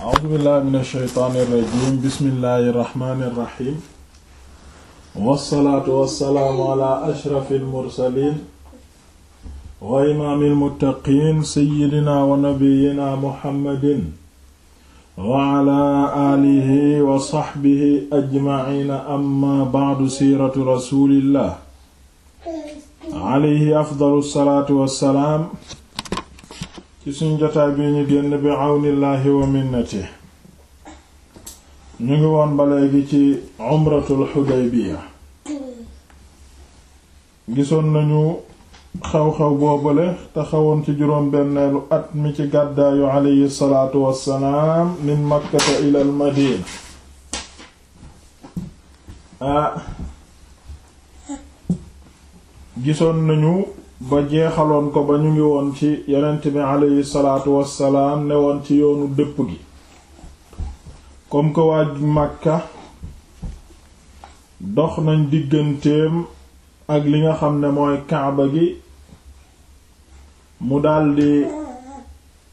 a'uuzu billahi min ashaytaani irrajim bismillahi irrahmani irrahim wassalaatu wassalaamu ala ashraf almursalin wa imaam almuttaqiin sayidina wa nabiyina muhammadin wa ala aalihi wa saxbihi ajmaciina amma bacdu siiratu rasulillah alayhi afdalu salaatu wassalaam ci suñ jotaay bi ñu génn bi àwnillaahi wa minnati ñu ngi woon ba léegi ci umratul xudaybiya gisoon nañu xew-xew boobale te xewoon ci juróom benneelu at mi ci gàddaayu aleyhi salaatu wassalaam min makkata ilal madina ah, gisoon nañu ba jeexaloon ko ba ñu ngi woon ci yonent bi aleyhi salaatu wassalaam ne woon ci yoonu dëpp gi comme que waa Makka dox nañ digganteem ak li nga xam ne mooy kaaba gi mu daldi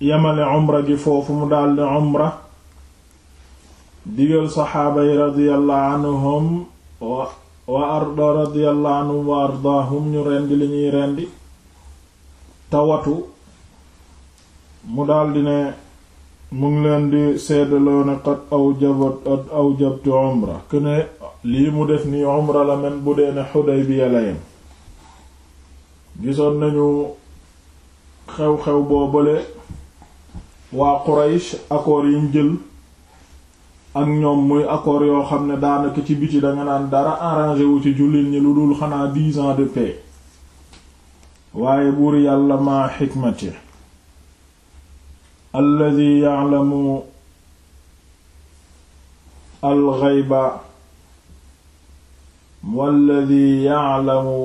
yemale umra gi foofu mu daldi umra digal saxaaba yi radiyallahu anhum waa arda radiyallahu anhum wa ardaahum ñu rendi li ñuy rendi tawatu mu daldi ne mu ngi leen di seedaloo ne qad awjabat awjabtu umra këne lii mu def ni umra la men bu dee ne Xudaybiya la yem gisoon nañu xew-xew boobale waa Quraysh accord yiñ jël ak ñoom muy accord yoo xam ne daanaka ci biti danga naan dara arrangé wu ci jullit ñi lu dul xanaa dix ans de paix waaye buur yàlla ma xikmati alladi ya'lamu alxayba walladi ya'lamu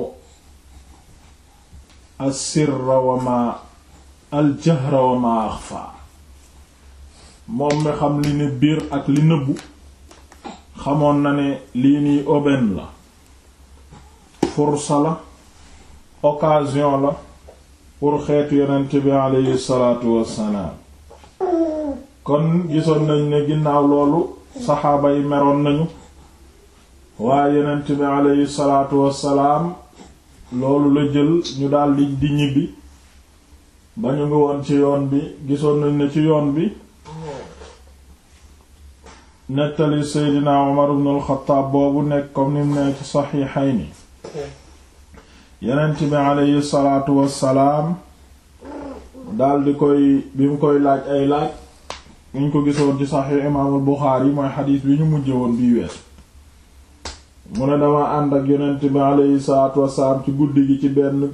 assirra wa ma aljahra wa ma axfa moom mi xam li ne biir ak li nëbbu xamoon na ne lii nii aubaine la fursa la okasiyon la pour xeetu yonent bi aleyhi salaatu wassalaam kon gisoon nañ ne ginnaaw loolu saxaaba yi meroon nañu waaye yonent bi aleyhi salaatu wassalaam loolu la jël ñu daldi di ñibbi ba ñu ngi woon ci yoon bi gisoon nañ ne ci yoon bi nettali seydina Umar ibn al-Xattaab boobu nekk comme nim ne ci saxiixayni yenent bi aleyhi salaatu wassalaam daldi koy bi mu koy laaj ay laaj ñu ko gisoon ci saxiix imaamul Buxaari mooy xadiis bi ñu mujje woon bii wees mu ne dama ànd ak yonent bi aleyhi salaatu wassalaam ci guddi gi ci benn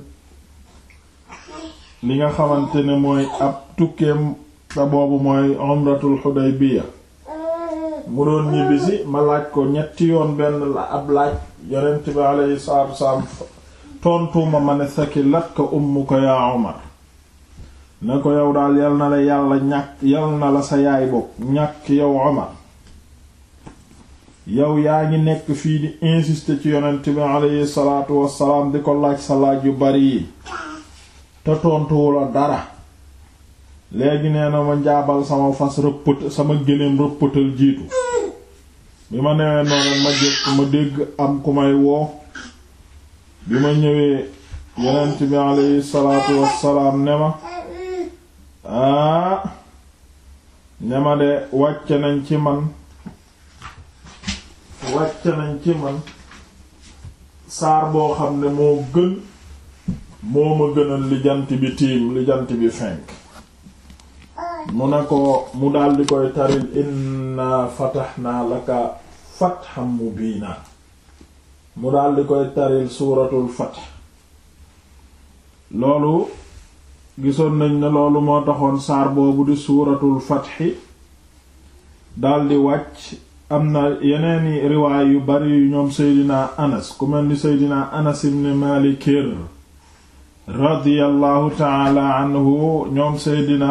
li nga xamante ne mooy ab tukkeem te boobu mooy umratul Xudaybiya mu doon ñibbisi ma laaj ko ñetti yoon benn la ab laaj yonent bi alayhi salaatu wasalaam tontuma ma ne sakilat ka ummuka yaa Umar na ko yow daal yal na la yàlla ñàkk yal na la sa yaay bokk ñàkk yow Omar yow yaa ngi nekk fii di insister ci yonent bi alayhi salaatu wassalaam di ko laaj sa laaj yu bari yi te tontuwu la dara léegi nee na ma jaabal sama fas rëppët sama géléem rëppëtal jiitu bi ma newee noonu ma jëkk ma dégg am ku may woo bi ma ñëwee yonent bi alayhi ne ma aa ah, ne ma de wàcce nañ ci man wàcce nañ ci man saar boo xam ne moo gën moo ma gënal li jant bi tiim li jant bi fenk mu ne ko mu daldi koy taril inna fatahnaa laka fathan mubiina mu daldi koy taril suuratul fath loolu gisoon nañ ne loolu moo taxoon saar boobu di suuratul fathi daldi wàcc am na yeneeni riwaay yu bari yu ñoom seydina anas ku mel ni seydina anas ibn malikir radiyallahu taala anhu ñoom seydina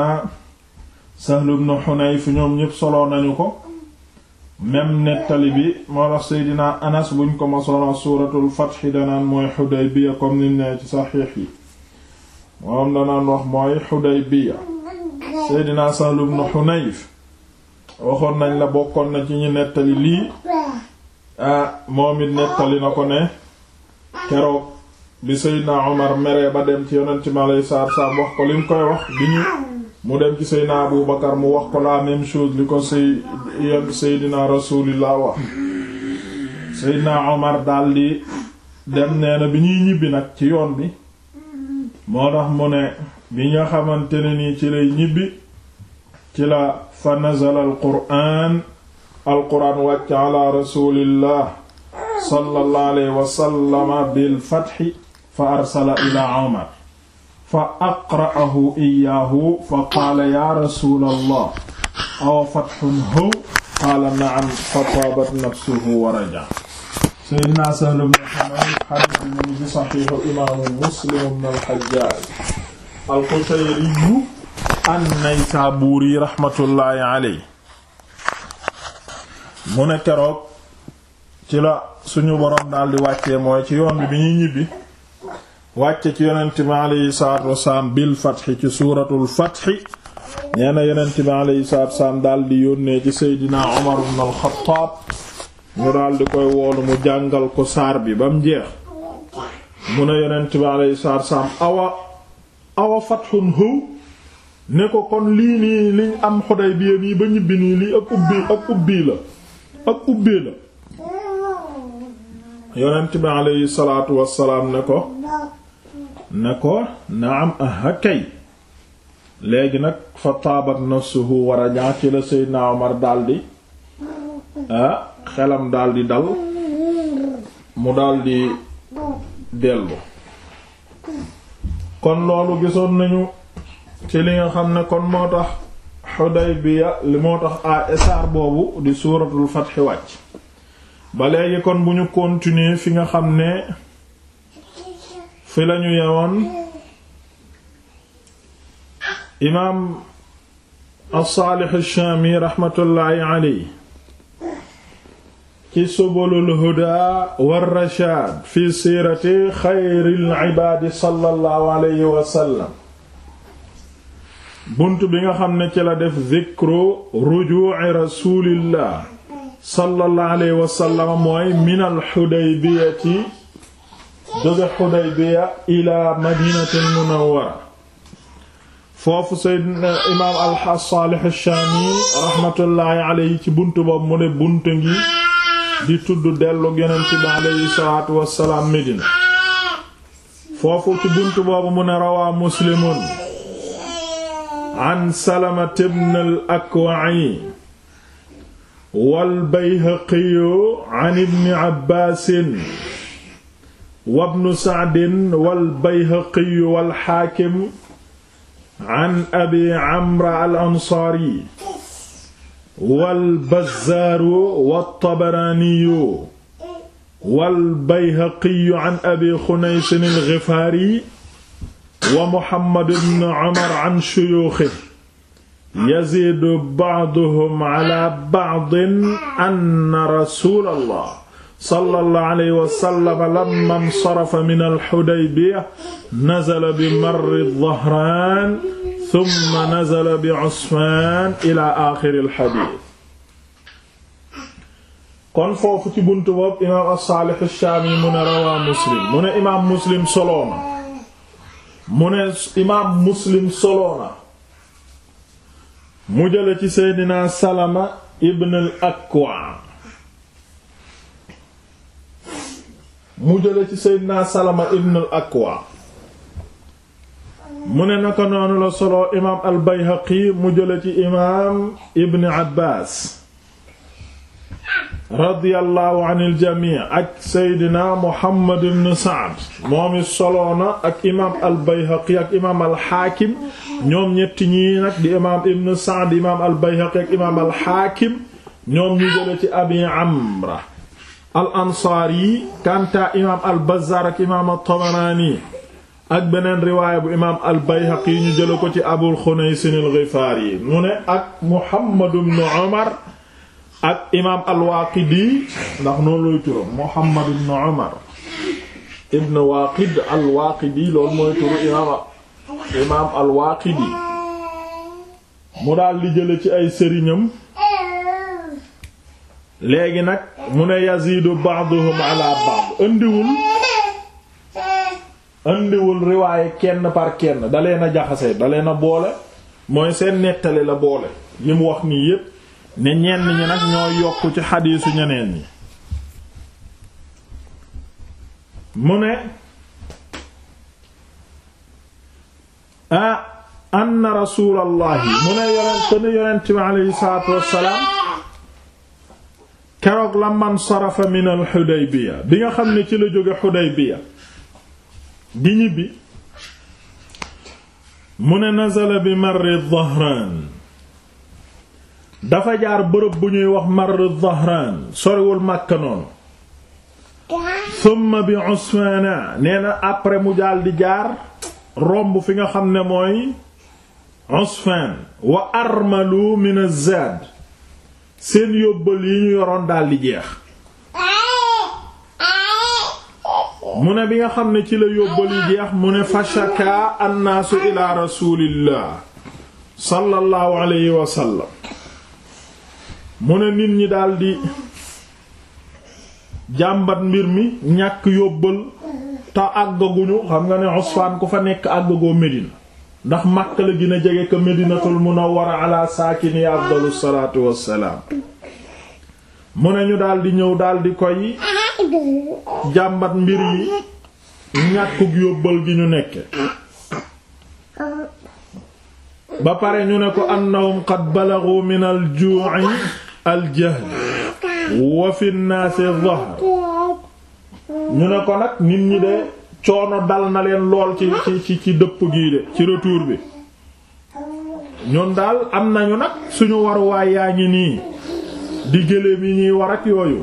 Sahl ibn Hunayf ñoom ñépp solo nañu ko même nettali bi moo tax Seydina Anas buñ ko masoona suuratul Fath danaan mooy Hudaybiya comme ni ne ci saxiix yi moom danaan wax mooy Hudaybiya Seydina Sahl ibn Hunayf waxoon nañ la bokkoon na ci ñu nettali lii ah, moom it nettali na ko ne keroog bi Seydina Omar meree ba dem ci yonent mi alayhi salaatu wa wax ko lim koy wax bi ñu mu dem ci Seydina Abu Bakar mu wax ko la même chose li ko say yegg Seydina Rasulillah wax Seydina Omar dem nee bi ñuy ñibbi nag ci yoon bi moo tax mu ne bi nga xamante ne nii ci lay ñibbi ci la fa nazala al quraan al quraan wàcc ala rasulillah sallallahu alayhi wa sallama bil fathi fa arsala ila Omar fa aqra'ahu iyaahu fa qaala yaa rasuulallah aw fathun hëw qaala na'am fa taabat nafsuhu wa raja'a seydina Sahl ibn Humayr xadiis bi mu ngi ci saxiixu imaamu Muslim ibn al-Hajjaaj al-Qushayri an-Naysaabuuri raxmatullaahi alayhi mu ne keroog ci la suñu boroom daldi wàccee mooy ci yoon bi bi ñuy ñibbi wàcce ci yonent bi alayhi salaatu wasalaam bil fatxi ci suuratul fatxi nee na yonent bi alayhi salaatu wasalaam daal di yónnee ci seydina Umar ibn al-Xattaab ñu koy woolu mu jàngal ko saar bi ba mu jeex mu ne yonent bi alayhi salaatu wasalaam awa awa fatxun hu ne ko kon lii nii liñ am Xudaybiya nii ba ñibbi nii lii ak ubbi ak ubbi la ak ubbi la yonent bi alayhi salaatu wasalaam ne ko na ko naam aha kay léegi nag fa taabat nafsuhu war a ñaax ci la Seydina Omar daldi xelam daldi dal mu daldi dellu kon loolu gisoon nañu ci li nga xam ne kon moo tax Xudaybiya li moo tax a boobu di suuratul Fath wàcc ba léegi kon bu ñu continuer fi nga xam ne fi lañu yewoon imaam as-Saalih ash-Shaami raxmatullaahi alayhi ci subulul hudaa war-rashaad fi siirati xayril ibaadi sallallaahu alayhi wa sallam bunt bi nga xam ne ci la def zikru rujuu'i rasuulillaah sallallaahu alayhi wa sallam mooy minal xudaybiyati jóge Xudaybiya ila madinatul munawwara foofu sayyidina imaam al-Saalih al-Shaami ci bunt boobu mu ne bunt ngi di tudd dellu yonent bi alayhi salaatu wassalaam Medina foofu ci bunt boobu mu ne rawaa muslimun an Salamata ibn al-Akwa'i wal Bayhaqiyu an ibni Abbaasin wabnu sa'din walbayhaqi walxaakim an abi amra al ansaari walbazzaaru waltabaraaniyu walbayhaqiyu an abi xunaysin alxifaari wa muhammad bn umar an shuyuuxi yaziidu ba'duhum ala ba'din anna rasuulallah sallallahu alayhi wa sallam lamma insarafa min al-Hudaybiya nazala bi Marri Dhahraan thumma nazala bi Usfaan ilaa aaxiri al-hadiis kon foofu ci buntu boobu imaam as-Saalih ash-Shaami mu ne rawaa Muslim mu ne imaam Muslim soloona mu ne imaam Muslim soloona mu jële ci Seydina Salama ibn al-Akwa mu jële ci seydina salama ibn akwa mu ne naka noonu la solo imaam al bayhaqi mu jële ci imaam ibn abbaas radiyallahu anil jamii ak seydina muhammad ibn saad moom it solo na ak imaam al ak imaam al xaakim ñoom ñetti di imaam ibn saad imaam al ak imaam al xaakim ñoom ñu jële abi amra al ansaari kanta imaam al bazzaar ak imaam al tabaraani ak beneen riwaaya bu imaam al bayhaqi ñu jëla ko ci abul xunaysin al yi mu ne ak muhammad ibn umar ak imaam al waaqidi ndax noonu lay turam muhammad ibn umar ibn waaqid al waaqidi loolu mooy turu imaam al waaqidi mu daal li jële ci ay sëriñam léegi nag mu ne yazidu ba'duhum ala ba'd indiwul indiwul riwaaye kenn par kenn dalee na jaxase dalee na boole mooy seen nettali la boole li wax nii yépp ne ñenn ñi nag ñoo yokk ci xadiisu ñeneen ñi mu ne a ah, anna rasulallahi mu ne yonent yonent bi aleyhi salaatu wassalaam keroog la man sarafa min al Hudaybiya bi nga xam ne ci la jóge Hudaybiya di ñibbi mu ne nazala bi marri Dhahraan dafa jaar bërëb bu ñuy wax marri Dhahraan soriwul Makka noonu bi Usfaana nee na après mu jaal di jaar romb fi nga xam ne mooy Usfaan wa armalu min az-Zaad seen yóbbal yi ñu yoroon daldi jeex mu ne bi nga xam ne ci la yóbbal yi jeex mu ne fashaka annaasu ila rasulillah sallallahu alayhi wa sallam mu ne nit ñi daldi jàmbat mbir mi ñàkk yóbbal te àggaguñu xam nga ne Usfaan ku fa nekk àggagoo Medina ndax Makka la gën a jege ko Medinatul Munawwara ala saakini afdalu salaatu wassalaam mu ne ñu daldi ñëw daldi koy jàmbat mbir yi ñàkkug yóbbal gi ñu nekke ba pare ñu ne ko am qad balagu min al ju'i al jahl wa fi an-nas ñu ne ko nag nit ñi de coono dal na leen lool ci ci ci dëpp gi ci retour bi ñun daal am nañu nag suñu waruwaay yaa ngi nii di gëléem yi ñuy war yooyu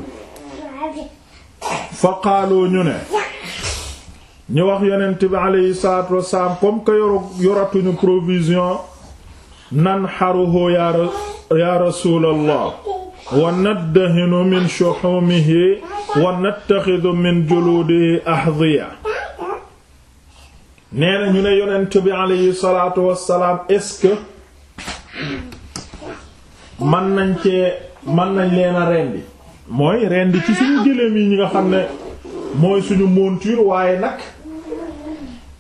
fa ñu ne ñu wax yeneen bi aleyhi salaatu wasalaam comme que yoratuñu provision nan xaruhu ya rasuulallah wa naddahinu min shuhumihi wa nattaxidu min juluudihi ahdiya nee na ñu ne yonent bi aleyhi salaatu wassalaam est mën nañ cee man nañ leen a mooy rendi ci suñu gëléem yi ñi nga xam ne mooy suñu monture waaye nag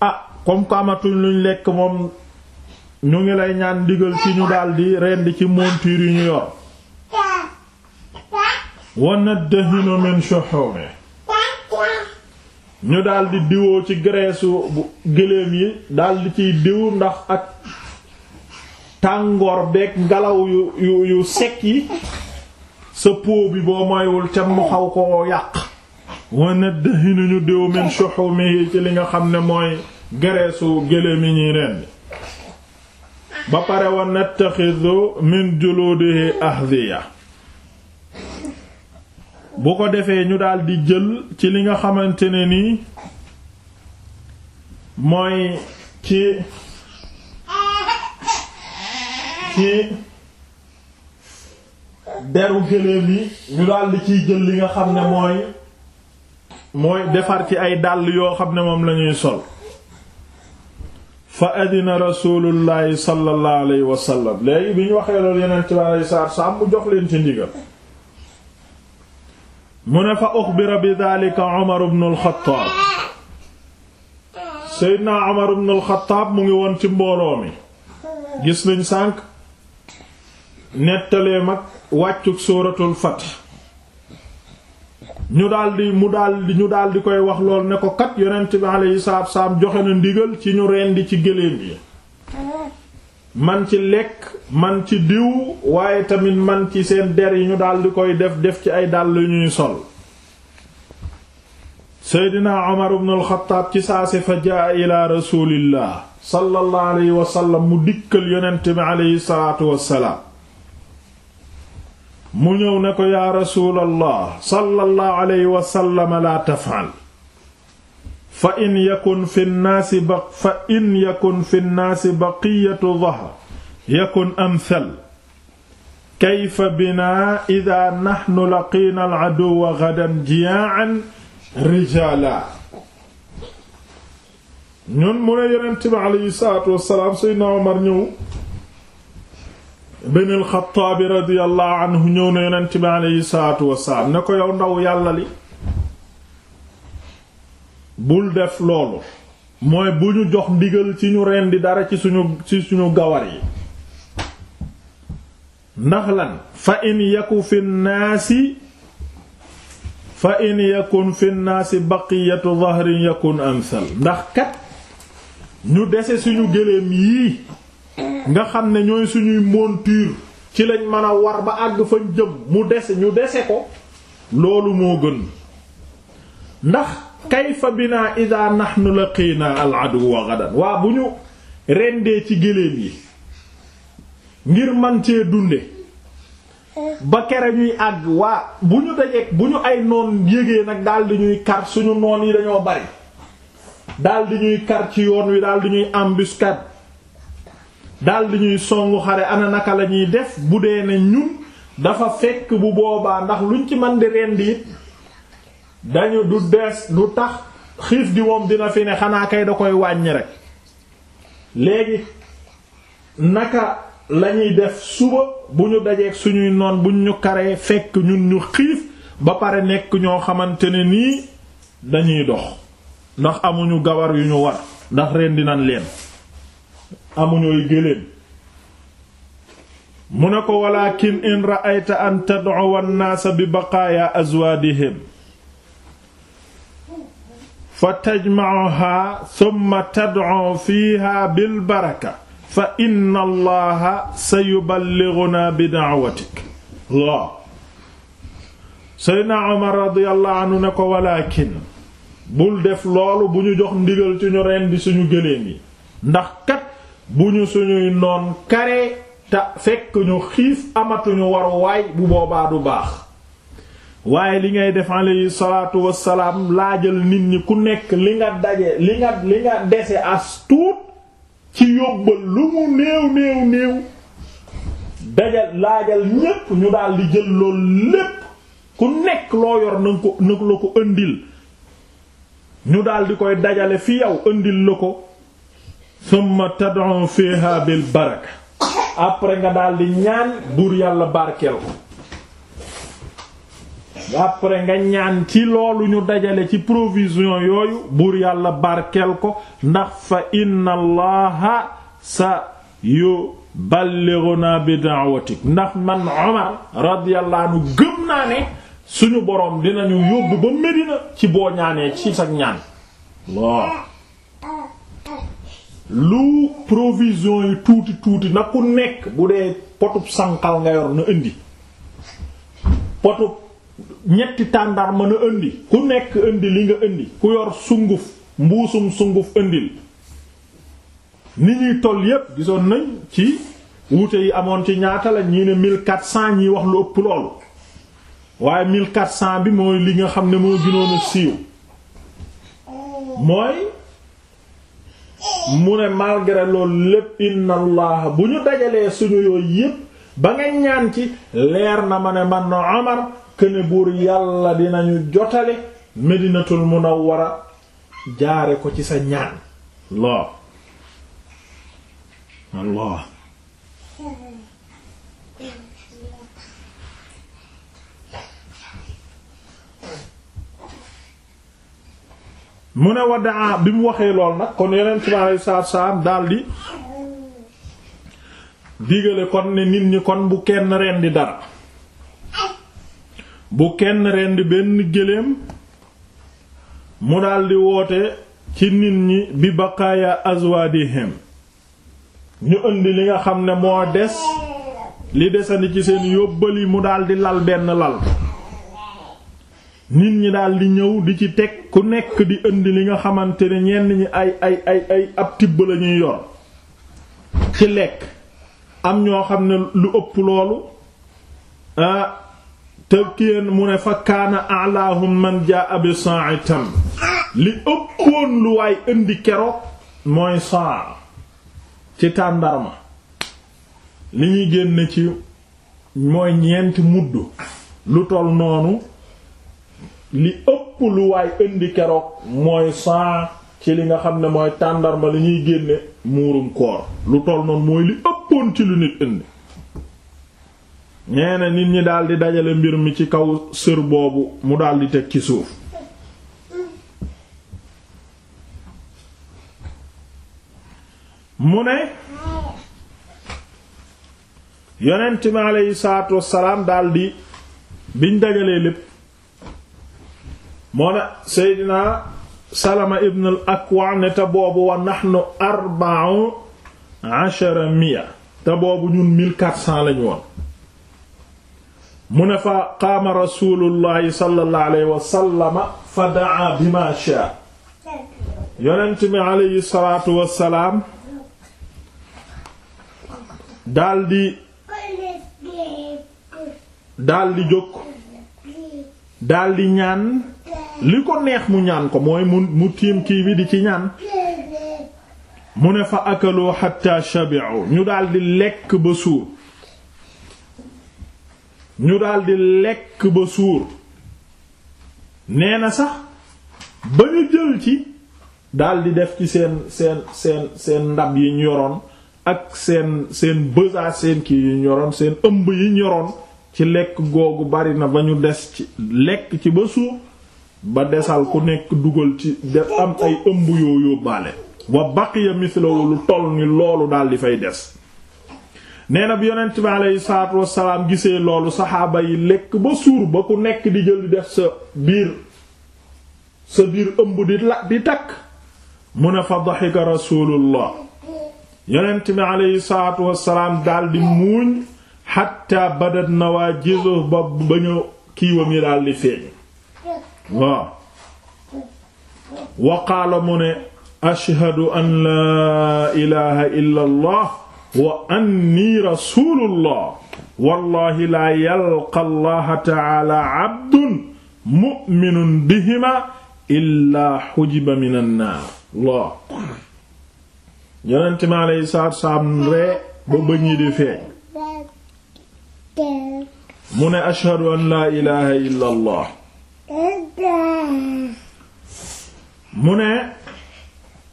ah comme que luñ lekk moom ñu ngi lay ñaan ndigal ci ñu daldi rendi ci monture yi ñu yor wana dahino min ñu daldi diwoo ci graisse bu gëléem yi daldi ciy diw ndax ak tàngoor beeg ngelaw yu yu yi sa peau bi boo moywul ca mu xaw koo yàq wana dahinu ñu diw min shuhumihi ci li nga xam ne mooy graisse u yi ñuy rendi ba pare wa nattaxidu min juludihi ahdiya bu ko defee ñu daal di jël ci li nga xamante ne nii mooy ci ci deru gëléem yi ñu daal ciy jël li nga xam ne mooy mooy defar ci ay dàll yoo xam ne moom lañuy sol fa adina rasulullahi sallallahu alayhi wa sallam léegi bi ñu waxee loolu yeneen ci wàllu saar saa mu jox leen ci ndigal. mu ne fa uxbira bi daalika Umar ibn al-Xattaab Seydina Umar ibn al mu ngi woon ci mbooloo mi gis nañ sànk nettalee mag wàccu suuratul fat ñu daldi mu daldi ñu daldi koy wax lool ne ko kat yonent bi alayhi yi saab saam joxe na ndigal ci ñu rendi ci gëléem yi man ci lekk man ci diw waaye tamit man ci seen der yi ñu daldi koy def def ci ay dàll ñuy sol seydina omar ibn alxataab ci saase fa jaa ila rasulillah sallallahu alayhi wasallam mu dikkal yonent bi aleyhi salaatu wassalaam mu ñëw ne ko yaa rasuulallah sallallahu alayhi wasallam laa tafal fa in yakun fi nnaasi ba fa in yakun fi nnaasi baqiyatu dahr yakun amthal kayfa binaa idaa naxnu laqiina aladuwa gadan jiyaa'an rijaala ñun mu ne yonent bi aleyhi salaatu wassalaam seydna Omar ñëw bin alxataabi radiyallahu anhu ñëw na yonent bi aleyhi salaatu wassalaam ne ko yow ndaw yàlla li bul def loolu mooy bu ñu jox ndigal ci ñu rendi dara ci suñu suñu gawar yi ndax lan fa in yaku fi naasi fa in yakun fi naasi baqiyatu dhahrin yakun amsal ndax kat ñu dese suñu gëléem yii nga xam ne ñooy suñuy monture ci lañ mën a war ba àgg fañ jëm mu dese ñu dese ko loolu moo gën ndax kayfa bina ida nahnu laqina al aduwa gadan waa bu ñu rendee ci géléem yi ngir man cee dunde ba kere ñuy àgg waa bu ñu dajeek bu ñu ay noon yégee nag daldi ñuy kar suñu noon yi dañoo bari daldi ñuy kar ci yoon wi daldi ñuy embuscade daldi ñuy songu xare ana naka la ñuy def bu dee ne ñun dafa fekk bu boobaa ndax luñ ci man di rendi it dañu du dees du tax xiif gi moom dina fi ne xanaa kay da koy wàññi rek léegi naka lañuy def suba bu ñu dajeek suñuy noon buñ ñu karee fekk ñun ñu xiif ba pare nekk ñoo xamante ne nii dañuy dox ndax amuñu gawar yu ñu war ndax ren dinañ leen amuñooy géléem mu ne ko walakin in ra'ayta an tad'u an-naasa bi baqaaya azwaadihim fa tajmacuhaa summa tadcoo fiiha bilbaraka fa inna allaha sa yuballigunaa bi dacwatik radiallahu anhu ko walaakin bul def loolu bu ñu jox ndigal ci ñu rendi suñu gëléem yi ndax kat bu ñu suñuy noon kare te fekk ñu xiif amatuñu waruwaay bu boobaa du baax waaye li ngay def alayhi salaatu wassalaam laajal nit ñi ku nekk li nga daje li nga li nga dese as tuut ci yóbbal lu mu néew néew néew dajal laajal ñépp ñu daal jël loolu lépp ku nekk loo yor na la ko ëndil ñu daldi koy dajale fi yow ëndil la ko summa tad'u fiha bil baraka après nga daal di buur yàlla barkeel après nga ñaan ci loolu ñu dajale ci provision yooyu buur yàlla barkeel ko ndax fa inna allaha sa yu ballighuna bi da'watik ndax man Omar radiyallahu anhu gëm naa ne suñu boroom dinañu yóbbu ba Medina ci boo ñaanee ci sa ñaan waaw lu provision yi tuuti tuuti na nekk bu dee potub sanqal nga yor na indi potub ñetti tàndar mën a indi ku nekk indi li nga indi ku yor sunguf mbuusum sunguf indil ni ñuy toll yépp gisoon nañ ci wuute yi amoon ci ñaata la ñii ne 1400 ñiy wax lu ëpp loolu waaye 1400 bi mooy li nga xam ne moo gënoon a siiw mooy mu ne malgré loolu lépp inna bu ñu dajalee suñu yooyu yépp ba nga ñaan ci leer na ma ne man na Omar këne buur yàlla dinañu jotale Medinatul Munawwara jaare ko ci sa ñaan Allah Allah mu ne wa daa bi mu waxee lool nag kon yeneen ci ma alei salaatu daldi digale kon ne nit ñi kon bu kenn rendi dara bu kenn rendi benn gëléem mu daldi woote ci nit ñi bi baqaaya azwaadihim ñu indi li nga xam ne moo des li desandi ci seen yóbbal yi mu daldi lal benn lal nit ñi daldi ñëw di ci teg ku nekk di indi li nga xamante ne ñenn ñi ay ay ay ay ab tibb lañuy yor ci lekk am ñoo xam ne lu ëpp loolu ah, te mu ne fa kaana alaahum man jaa bi sa'i tam li ëppoon lu waay indi keroog mooy saa ci tàndarma li ñuy génn ci mooy ñeenti mudd lu toll noonu li ëpp lu waay indi keroog mooy saa ci li nga xam ne mooy tàndarma li ñuy génne muurum koor lu toll noonu mooy li ëpp ëppoon ñi daldi dajale mbir mi ci kaw sër mu daldi teg ci suuf mu ne yonent mi aleyhi salaatu daldi biñ dajalee lépp moo ne Seydina Salama ibn al Akwa ne te boobu wa nahnu arba'u ashara te boobu ñun 1400 lañu woon mu ne fa qaama rasulullahi sallallahu alayhi wa sallama fa daa bima shaa yonent bi alayhi salaatu wassalaam daldi daldi jóg daldi ñaan li ko neex mu ñaan ko mooy mu tiim kii bi di ci ñaan mu ne fa akaloo xatta shabi'u ñu daldi lekk ba suur daldi lekk ba suur nee na sax ba ñu jël ci daldi def ci seen seen seen seen ndab yi ñu ak seen seen bësaa seen kii yi ñu seen ëmb yi ñu ci lekk googu bari na ba ñu des ci lekk ci ba suur ba desal ku nekk dugal ci def am ay ëmb yoo yóbbaale wa baqiya mithluhu lu ni loolu daal di fay des nee na bi yonent bi aleyhi gisee loolu saxaaba yi lekk ba suur ba ku nekk di jël di def sa biir sa biir ëmb di la di takk mu ne fa daxika rasulullah yonent bi aleyhi salaatu wasalaam daal di muuñ xatta badat nawaajizu ba ba ñu kiiwam yi daal di feeñ waaw waqaala mu ne ashhadu an laa ilaha illa allah wa anni rasulullah wallahi laa yalqa allaha taala abdun mu'minun bihima illaa xujiba min annaar laa yonente mi aleyhi salaatu salaam ree ba bëñi di feeñ mu ne ashhadu an laa ilaha illa allah mu ne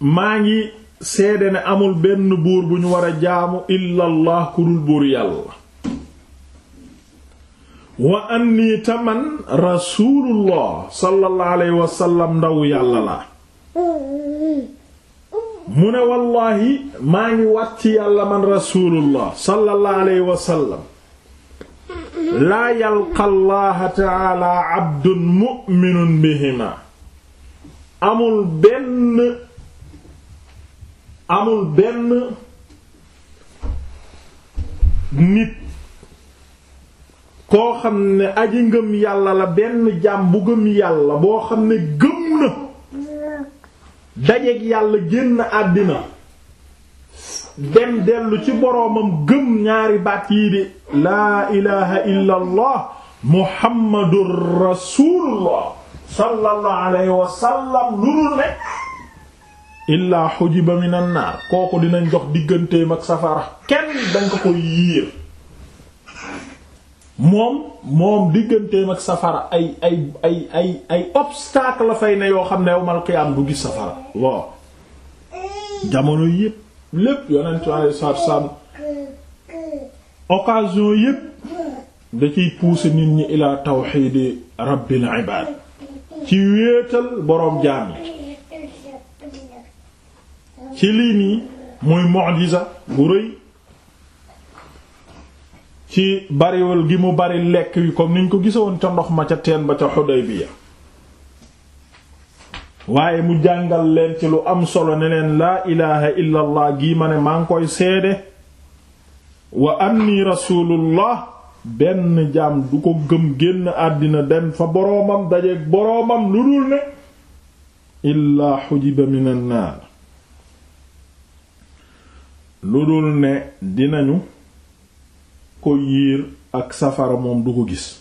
maa ngi seede ne amul benn buur bu ñu war a jaamu illa allah buur yàlla wa anni taman rasuulullah sallallahu alayhi wasallam ndaw yàlla la mu ne wallaahi maa ngi wàcc yàlla man rasuulullah sallallahu alayhi wasallam laa yalqa allaha taala abdun mu'minun bihima amul benn amul benn nit koo xam ne aji ngëm yàlla la benn jaam bu gëm yàlla boo xam ne gëm na dajeek yàlla génn àddina dem dellu ci boroomam gëm ñaari baat yi di laa ilaha illa allah muhammadur rasulullah sallallahu alayhi lu dul ne illaa xujiba minan naar kooku dinañ jox digganteem ak safara kenn dañ ko koy yiir moom moom digganteem ak safara ay ay ay ay ay fay ne yoo xam ne yawmal bu du gis safara waaw jamono yépp lépp yonent yépp da ciy nit ñi ilaa tawxiidi rabbil ibaad ci wéetal boroom jaam yi ci lii nii muy mu'jiza bu rëy ci bariwul gi mu bari lekk wi comme niñ ko gisoon ca ndox ma ca teen ba ca Xudaybiya waaye mu jàngal leen ci lu am solo ne leen laa ilaha illa allah gii ma ne maa koy seede wa anni rasulullah benn jaam du ko gëm génn àddina dem fa boroomam dajeeg boroomam lu dul ne illaa xujiba min an lu dul ne dinañu ko yiir ak safara moom du ko gis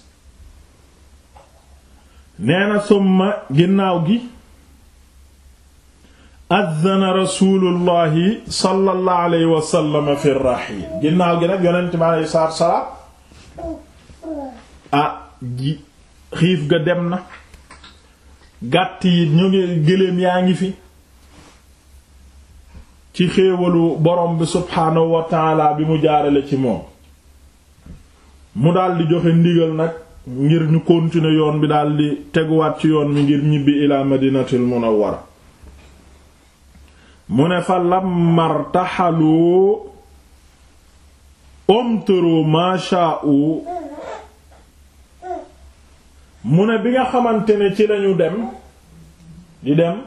nee na summa ginnaaw gi addana rasulullahi sallallahu alayhi wasallam fi raxil ginnaaw gi nag yonent bi aleyhi salaatu salaam ah ji xiif ga dem na gàtt yi ñu ngi gëléem yaa ngi fi ci xéewalu borom bi subhaanahu bi mu jaarale ci moom mu daldi joxe ndigal nag ngir ñu continuer yoon bi daldi teguwaat ci yoon mi ngir ñibbi ilaa madinatul munawwara mu ne fa lammartaxalu omtëru masha'u mu ne bi nga xamante ne ci lañu dem di dem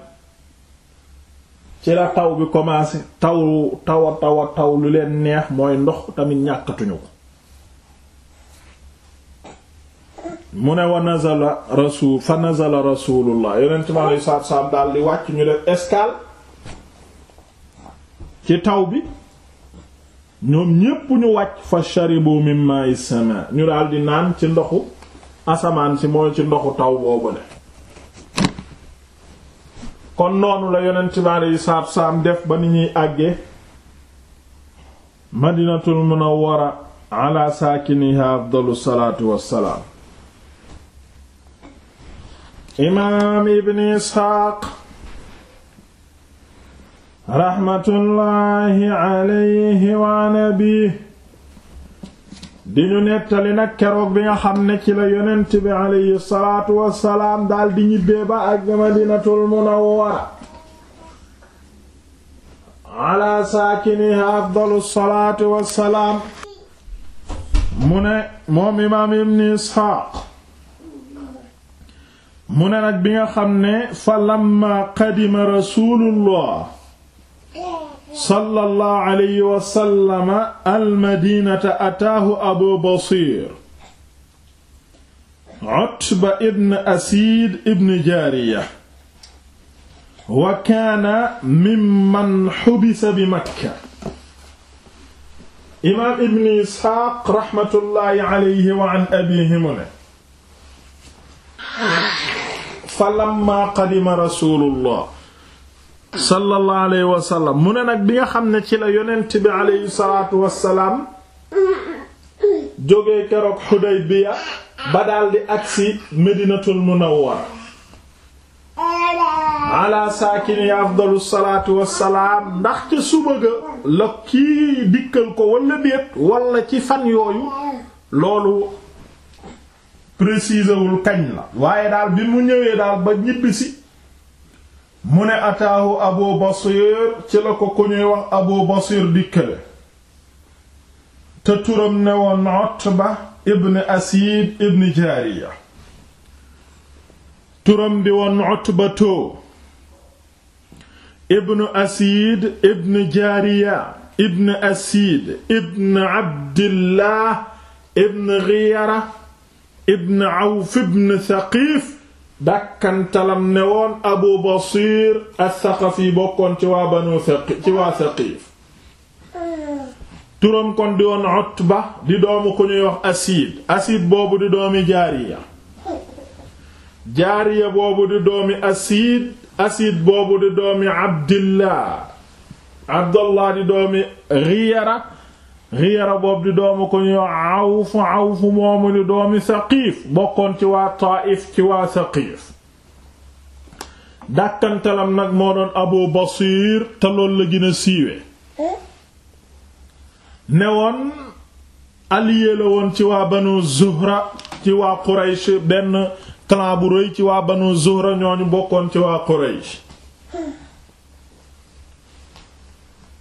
ci la taw bi commencé taw taw taw taw lu leen neex mooy ndox tamit ñàkkatuñu ko mu ne wa nazala rasul fa nazala rasulullah yonent mi alei saatu salaam daal di wàcc ñu def escale ci taw bi ñoom ñépp ñu wàcc fa sharibu mimma is ñu daal di naan ci ndoxu asamaan si mooy ci ndoxu taw boobu ne kon noonu la yonent bi aleyhi def ba ni ñuy àgge madinatul munawwara ala saakiniha afdalu salaatu wassalaam imaam ibni isxaaq raxmatullaahi aleyhi wa nabi di ñu nettali nag keroog bi nga xam ne ci la yonent bi aleyhi salaatu wassalaam daldi ñibbee ba ak madinatul munawwara ala saakiniha afdalu salaatu wassalaam mu ne moom imaam ibn isxaaq mu ne nag bi nga xam ne fa lamma qadima rasuulullah sallallahu alayhi wa sallama almadinata ataahu abu basir utba ibn asiid ibn jaariya wa kaana mimman xubisa bi makka imaam ibn isxaaq raxmatullaahi alayhi wa an abiihi mu ne falammaa qadima rasuulullah sallallahu alayhi mu ne nag bi nga xam ne ci la yonent bi alayhi salaatu wassalaam jógee keroog Xudaybiya ba daldi agsi Medinatul Munawwara ala saakini afdalu salaatu wassalaam ndax ca suba ga la kii dikkal ko wala déet wala ci fan yooyu loolu précisewul kañ la waaye daal bi mu ñëwee daal ba ñibbisi mune ne ataahu abu basir ci la ko ku abu basir dikkale te turam ne woon Utba ibn asiid ibn jaariya turam di woon Utbatoo ibn asiid ibn jaariya ibn asiid ibn abdillah ibn ghiyara ibn awf ibn thaqiif dàkkantalam ne woon abu basir as yi bokkoon ci waa banu turam kon di woon utba di doomu ko ñuy wax asiid asiid boobu di doomi jaariya jaariya boobu di doomi asiid asiid boobu di doomi abdillah abdallah di doomi ghiyara Ghiyara boobu di doomu ko ñu Awf Awf moomu di doomi Saqiif bokkoon ci waa Taa'if ci waa Saqiif dàkkantalam nag moo doon Abu Basiir te lool la gën a siiwe ne woon allié la woon ci waa Banu Zuhra ci waa Quraysh benn clan bu rëy ci waa Banu Zuhra ñooñu bokkoon ci waa Quraysh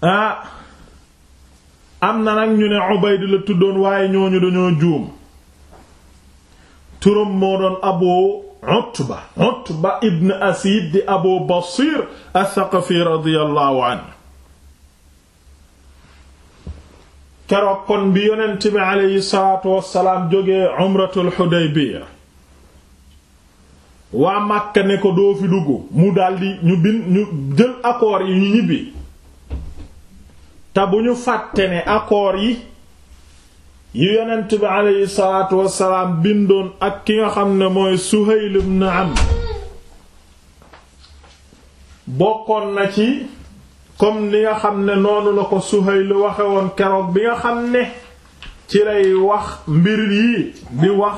ah, am na nag ñu ne Ubayd la tuddoon waaye ñooñu dañoo juum turam moo doon Abu Utba Utba ibn Asid di Abu Basir as-Saqafi radiyallahu anhu keroog kon bi yonent bi salaatu wassalaam jógee umratul Hudaybiya waa Makka ne ko doo fi dugg mu daldi ñu bin ñu jël yi ñu ñibbi te bu ñu fàtte ne accords yi yu yonent bi aleyhi salaatu wassalaam bindoon ak ki nga xam ne mooy Suhayl ibn Amr bokkoon na ci comme ni nga xam ne noonu la ko Suhayl waxe keroog bi nga xam ne ci lay wax mbir yi di wax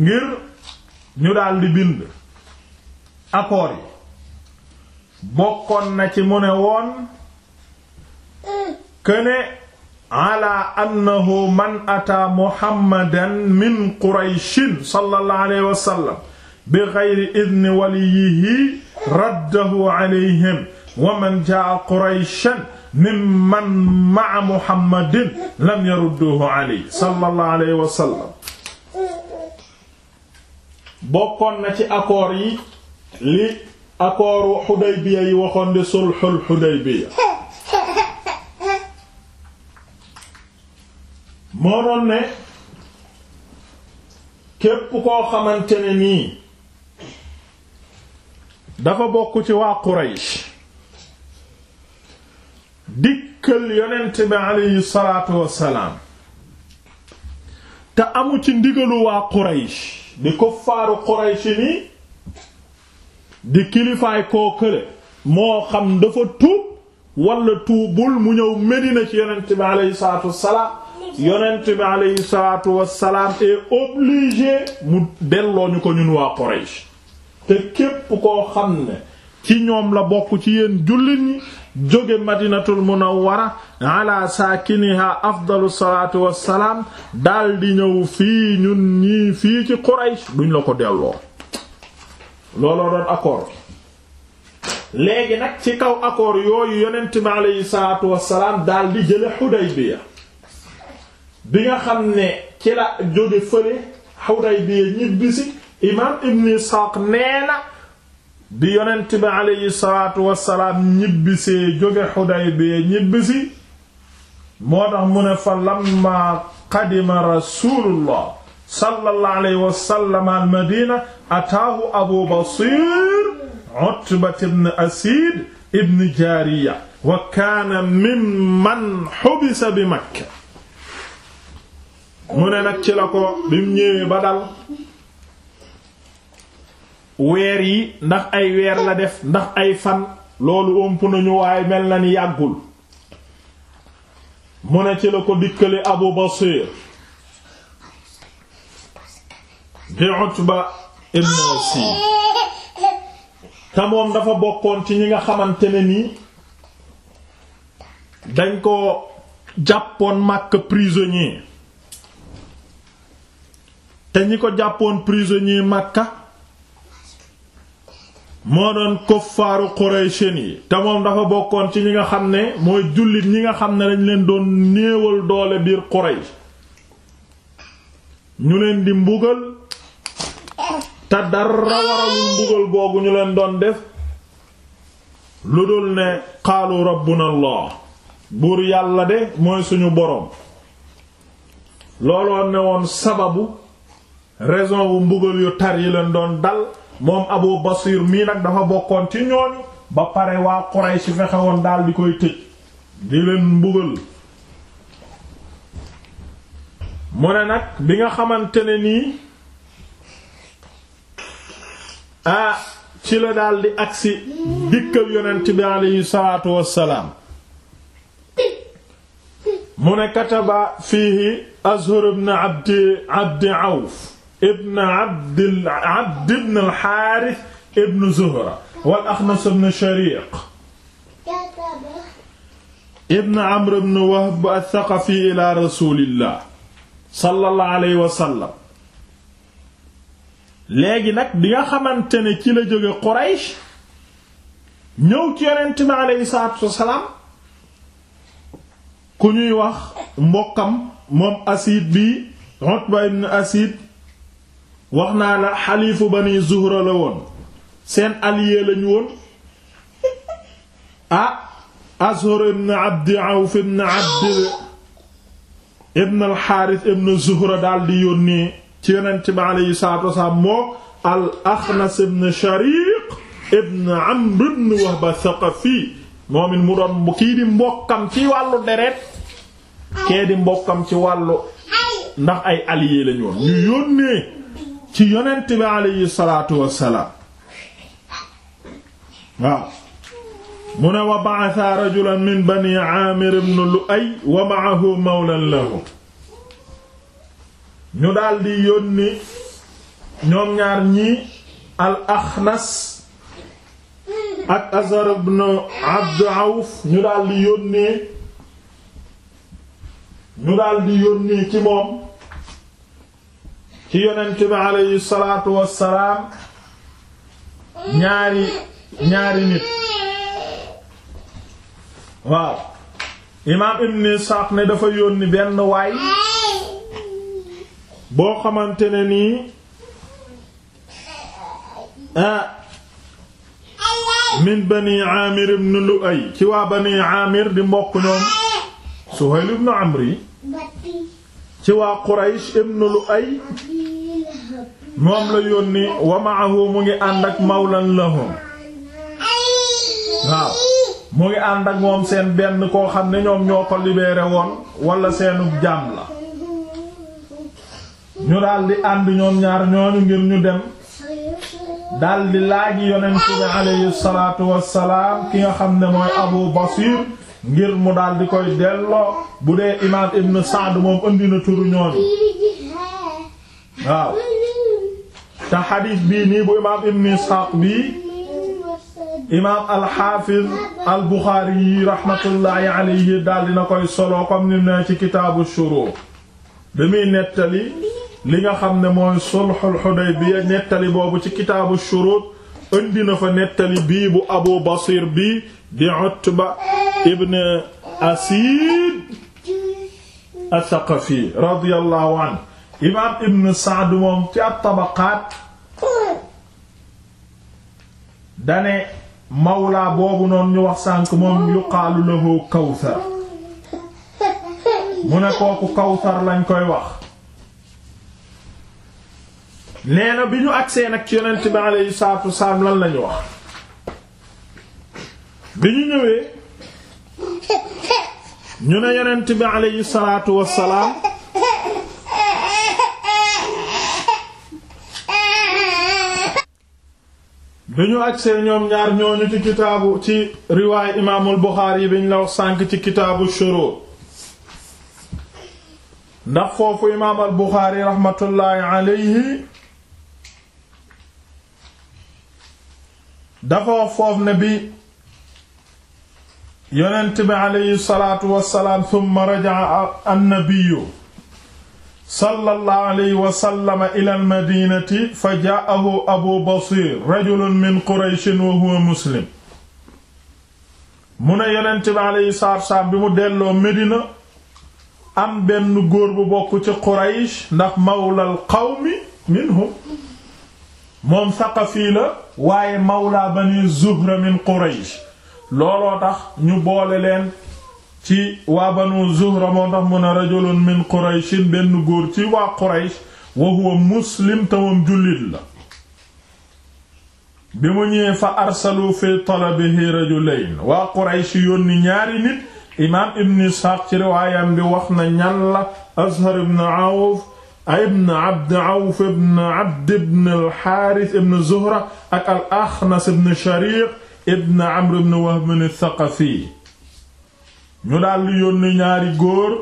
ngir ñu daldi bind accords yi bokkoon na ci mu ne woon këne ala annahu man ataa muhammadan min qurayshin sallallahu alayhi wa sallam bi geyri idni waliyihi raddahu alayhim wa man jaa qurayshan mimman ma'a muhammadin lam yarudduhu alayhi sallallahu alayhi wa sallam bokkoon na ci accord yi li accordu Hudaybiya yi waxoon di sulhul Hudaybiya moo doon ne képp koo xamante ni dafa bokk ci waa Quraysh dikkal yonent bi aleyhi salaatu wassalaam te amu ci ndigalu waa Quraysh di kuffaaru Quraysh nii di kilifaay koo kële moo xam dafa tuub wala tuubul mu ñëw Medina ci yonent bi aleyhi salaatu wassalaam yonent bi aleyhi salaatu wassalaam est obligé mu delloo ñu ko ñun waa Quraysh te képp koo xam ne ci ñoom la bokk ci yéen jullit ñi jóge madinatul munawwara ala saakiniha afdalu salaatu wassalaam daldi ñëw fii ñun ñii fii ci Quraysh duñ la ko delloo looloo doon accord léegi nag ci kaw accord yooyu yonent bi aleyhi salaatu wassalaam daldi jële Hudaybiya bi nga xam ne ci la jóge fële Hudaybiya ñibbisi imaam Ibn Isxaaq nee na bi yonent bi aleyhi salaatu wassalaam ñibbisee jóge Hudaybiya ñibbisi moo tax mu ne fa lamma qadima rasulullah sallallahu alayhi wasallam al madina ataahu abu basir utbat ibn asid ibn jaariya wa kaana mimman hubisa bi makka mu ne nag ci la ko bim ñëwee ba dal weer yi ndax ay weer la def ndax ay fan loolu ëmp nañu waaye mel na ni yàggul mu ne ci la ko dikkale Abu Basir di Utba ibn te moom dafa bokkoon ci ñi nga xamante ni dañ ko jàppoon màkk prisonnier te ñi ko jàppoon prisonnier Makka moo doon kuffaaru Qurayshin yi te moom dafa bokkoon ci ñi nga xam ne mooy jullit ñi nga xam ne dañ leen doon néewal doole biir Quraysh ñu leen di mbugal te dara waralul mbugal googu ñu leen doon def lu dul ne qaalu rabbuna allah buur yàlla de mooy suñu boroom looloo ne woon sababu raison wu mbugal yu tar yi leen doon dal moom Abu Basir mii nag dafa bokkoon ci ñooñu ba pare waa Quraysh fexe woon daal di koy tëj di leen mbugal mu ne nag bi nga xamante ne nii ah ci la daal di agsi dikkal yonent bi aleyhi salaatu wassalaam mu ne kataba fiihi Azhar ibn Abdi Abdi Awf ibn Abd Abd ibn al-Harith ibn Zuhra wal Akhnas ibn Shariq ibn Amr ibn Wahb ath-Thaqafi ila rasulillah sallallahu alayhi wa sallam léegi nag bi nga xamante ne ci la jóge Quraysh ñëw ci yonent bi aleyhi salaatu wasalaam ku ñuy wax mbokkam moom Asid bi Utba ibn Asid wax naa la xaliifu bani zuhra la woon seen allié lañu woon ah azhar ibn abdi awf ibn abdi ibn alxaaris ibn zuhra daal yónnee ci yonent bi aleyhi salaatu wasalaam moo al axnas ibn shariq ibn amr ibn wahba thaqafi moom mu doon kii di mbokkam ci wàllu deret kee di mbokkam ci wàllu ndax ay allié lañu woon ñu yónnee ci yonent bi aleyhi salaatu wassalaam waaw mu ne wa ba'atha rajulan min bani aamir ibn lu'ay wa ma'ahu mawlan lahu ñu daldi yónni ñoom ñaar ñii al axnas ak azar ibn abd awf ñu daldi yónnee ñu daldi yónnee ci moom ci yonent bi aleyhi salaatu wassalaam ñaari ñaari nit waaw imaam ibn Isaaq ne dafa yónni benn waay boo xamante ne nii ah, min bani Aamir ibn Lu'ay ci waa bani Aamir di mbokk ñoom Suhayl ibn Amri yi ci waa Quraysh ibn Lu'ay moom la yónni wa ma'ahu mu ngi ànd ak mawlan lahum waaw mu ngi ànd ak moom seen benn koo xam ne ñoom ñoo ko libéré woon wala seenub jaam la ñu daldi ànd ñoom ñaar ñooñu ngir ñu dem daldi laaji yonent bi ki nga xam ne mooy Abu Basir ngir mu daal di koy delloo bu dee imaam ibn Sa'd moom indi na turu ñooñu waaw te xadiis bii nii bu imaam ibn Isxaaq bii imaam al-Xaafiz yi raxmatullaahi alayhi daal dina koy solo comme ni ne ci kitaabu shuruu bi muy nettali li nga xam ne mooy sulxul Xudaybiya nettali boobu ci kitaabu shuruut indi na fa nettali bii bu abu basir bi di utba ibn asid athaqafi radiyallahu anhu imam ibn saad moom ci at-tabaqaat dane mawla boobu noonu ñu wax sànk moom yuqaalu lahu kawsar mu ne kooku kawsar lañ koy wax nee bi ñu agsee nag ci yonent bi alayhi salaatu wasalaam lan lañu wax bi ñu ñëwee ñu ne yonent bi alayhi salaatu wasalaam bi ñu agsee ñoom ñaar ñooñu ci kitaabu ci riwaay imaamul Buxaari yi la wax sànk ci kitaabu shuruu ndax foofu imaamul Buxaari raxmatullaahi alayhi dafa wax foofu ne bi yonent bi aleyhi salaatu wassalaam tumma raja'a annabiyu sallallahu alayhi wa sallam ila almadinati fa ja'ahu abu basir rajulun min qurayshin wa huwa muslim mu ne yonent bi mu delloo Medina am benn góor bu bokk ci Quraysh ndax mawlal qawmi minhum moom Saqafi la waaye mawla bani Zuhra min Quraysh looloo tax ñu boole leen ci waa banu Zuhra moo tax mu ne rajulun min Quraysh benn góor ci waa Quraysh wa huwa muslim tamam jullit la bi mu ñëwee fa arsalu fi talabihi rajulayn waa Quraysh yónni ñaari nit imaam Ibn Ishaq ci riwaayam bi wax na ñan la Azhar ibn Awf ibn abd awf ibn abd ibn alxaaris ibn zuhra ak al axnas ibn shariq ibn amr ibn wahb ath-thaqafi ñu daldi yónni ñaari góor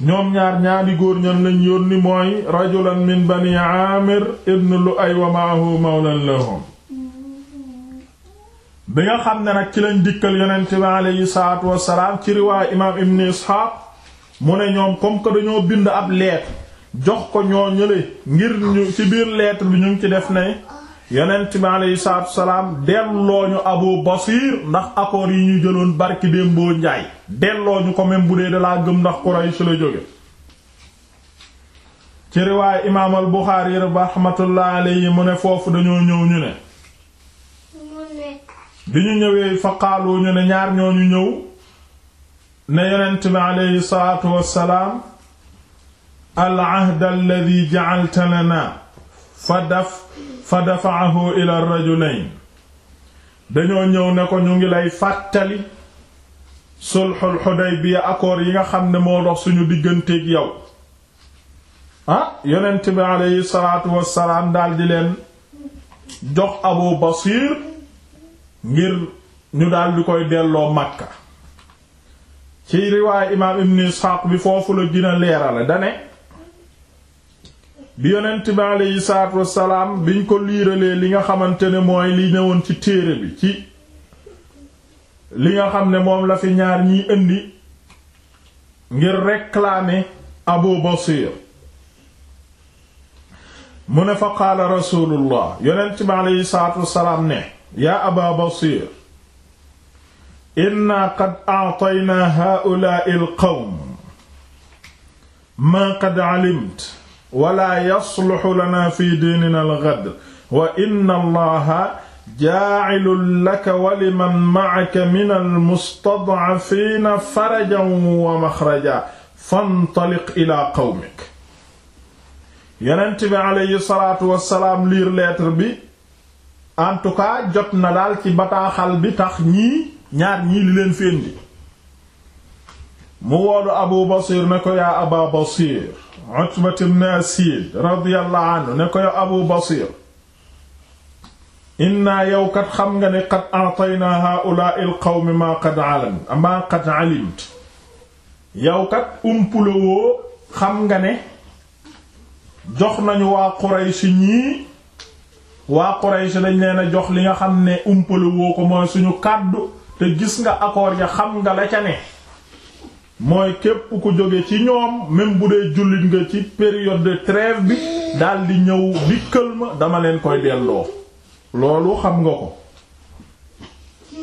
ñoom ñaar ñaari góor ñan lañ yónni mooy rajulan min bani amir ibn lu'ay wa ma'ahu mawlan lahum bi nga xam ne nag ci lañ dikkal yonent bi aleyhi salaatu wassalaam ci riwaay imaam ibn isxaaq mu ne ñoom comme que dañoo bind ab lettre jox ko ñoo ñële ngir ci biir leet bi ñu ngi ci def ne yonent bi aleyhi salaatu salaam delloo ñu Abu Basir ndax accords yi ñuy jëloon barki Dembo Njaay delloo ñu ko même bu dee dalaa gëm ndax Quraysh la jóge ci riwaay imaam al Buxaari rahmatullah alayhi mu ne foofu dañoo ñëw ñu ne bi ñu ñëwee fa qaalu ñu ne ñaar ñoo ñu ñëw ne yonent bi aleyhi salaatu wassalaam al ahd alladi ja'alta lana fa daf fa dafa'ahu ila rajulayn dañoo ñëw ne ko ñu ngi lay fàttali sulxul xudaybiya accord yi nga xam ne moo dox suñu digganteeg yow ah yonent bi aleyhi leen jox abu basir ngir ñu daldi koy delloo makka ci riwaay imaam ibn isxaaq bi foofu la gën a leerale dane bi yonent bi aleyhi salaatu biñ ko liiralee li nga xamante ne mooy li newoon ci téere bi ci li nga xam ne moom la fi ñaar ñiy indi ngir réclamer Abu Basir mu ne fa qaala rasulullah yonent bi aleyhi salaatu ne yaa Aba Basir inna qad a'taynaa haa'ulaa'i al-qawm maa qad 'alimt wa laa yasluhu lanaa fii diininaa al-ghadr wa inna Allaha jaa'ilun laka wa liman ma'aka mina al-mustad'afiina farajan wa makhrajan fantaliq ilaa qawmik yonent bi aleyhi salaatu wassalaam liir lettre bi en tout cas jot na daal ci bataaxal bi tax ñii ñaar ñii li leen féndi mu woolu abu basir ne ko yaa aba basir utbat ibn asid radiyallahu anhu ne ko ya abu basir inna yow kat xam nga ne qad a'tayna haa'ulaa'i al-qawmi maa qad alim maa kat umpulowoo xam nga ne jox nañu waa Quraysh ñii waa Quraysh dañ leen a jox li nga xam ne umpulowoo ko mooy suñu kàddu te gis nga accord ya xam nga la ca ne mooy képp ku jóge ci ñoom même bu dee jullit nga ci période de trêve bi daldi ñëw dikkal ma dama leen koy delloo loolu xam nga ko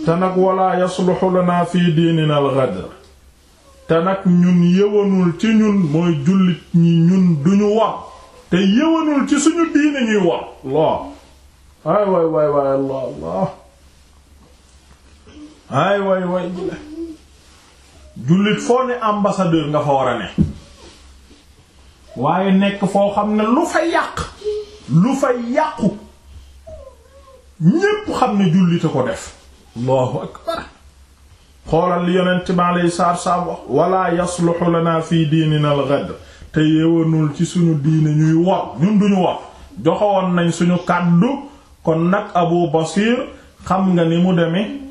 te nag wala yasluhu lana fi diinina al-ghadr te nag ñun yëwanul ci ñun mooy jullit ñi ñun duñu war te yëwanul ci suñu diini ñuy war Allah waay waay waay Allah Allah ay way way jullit foo ne ambassadeur nga fa ne waaye nekk foo xam ne lu fa yàq lu fa yàqu ñépp xam ne jullit a ko def allahu akbar xoolal li yonent bi alayhi salaatu wassalaam wax wala yasluhu lana fi diinina al te yeewanul ci suñu diine ñuy wor ñun duñu wor joxewoon nañ suñu kàddu kon nag Abu Basir xam nga ni mu deme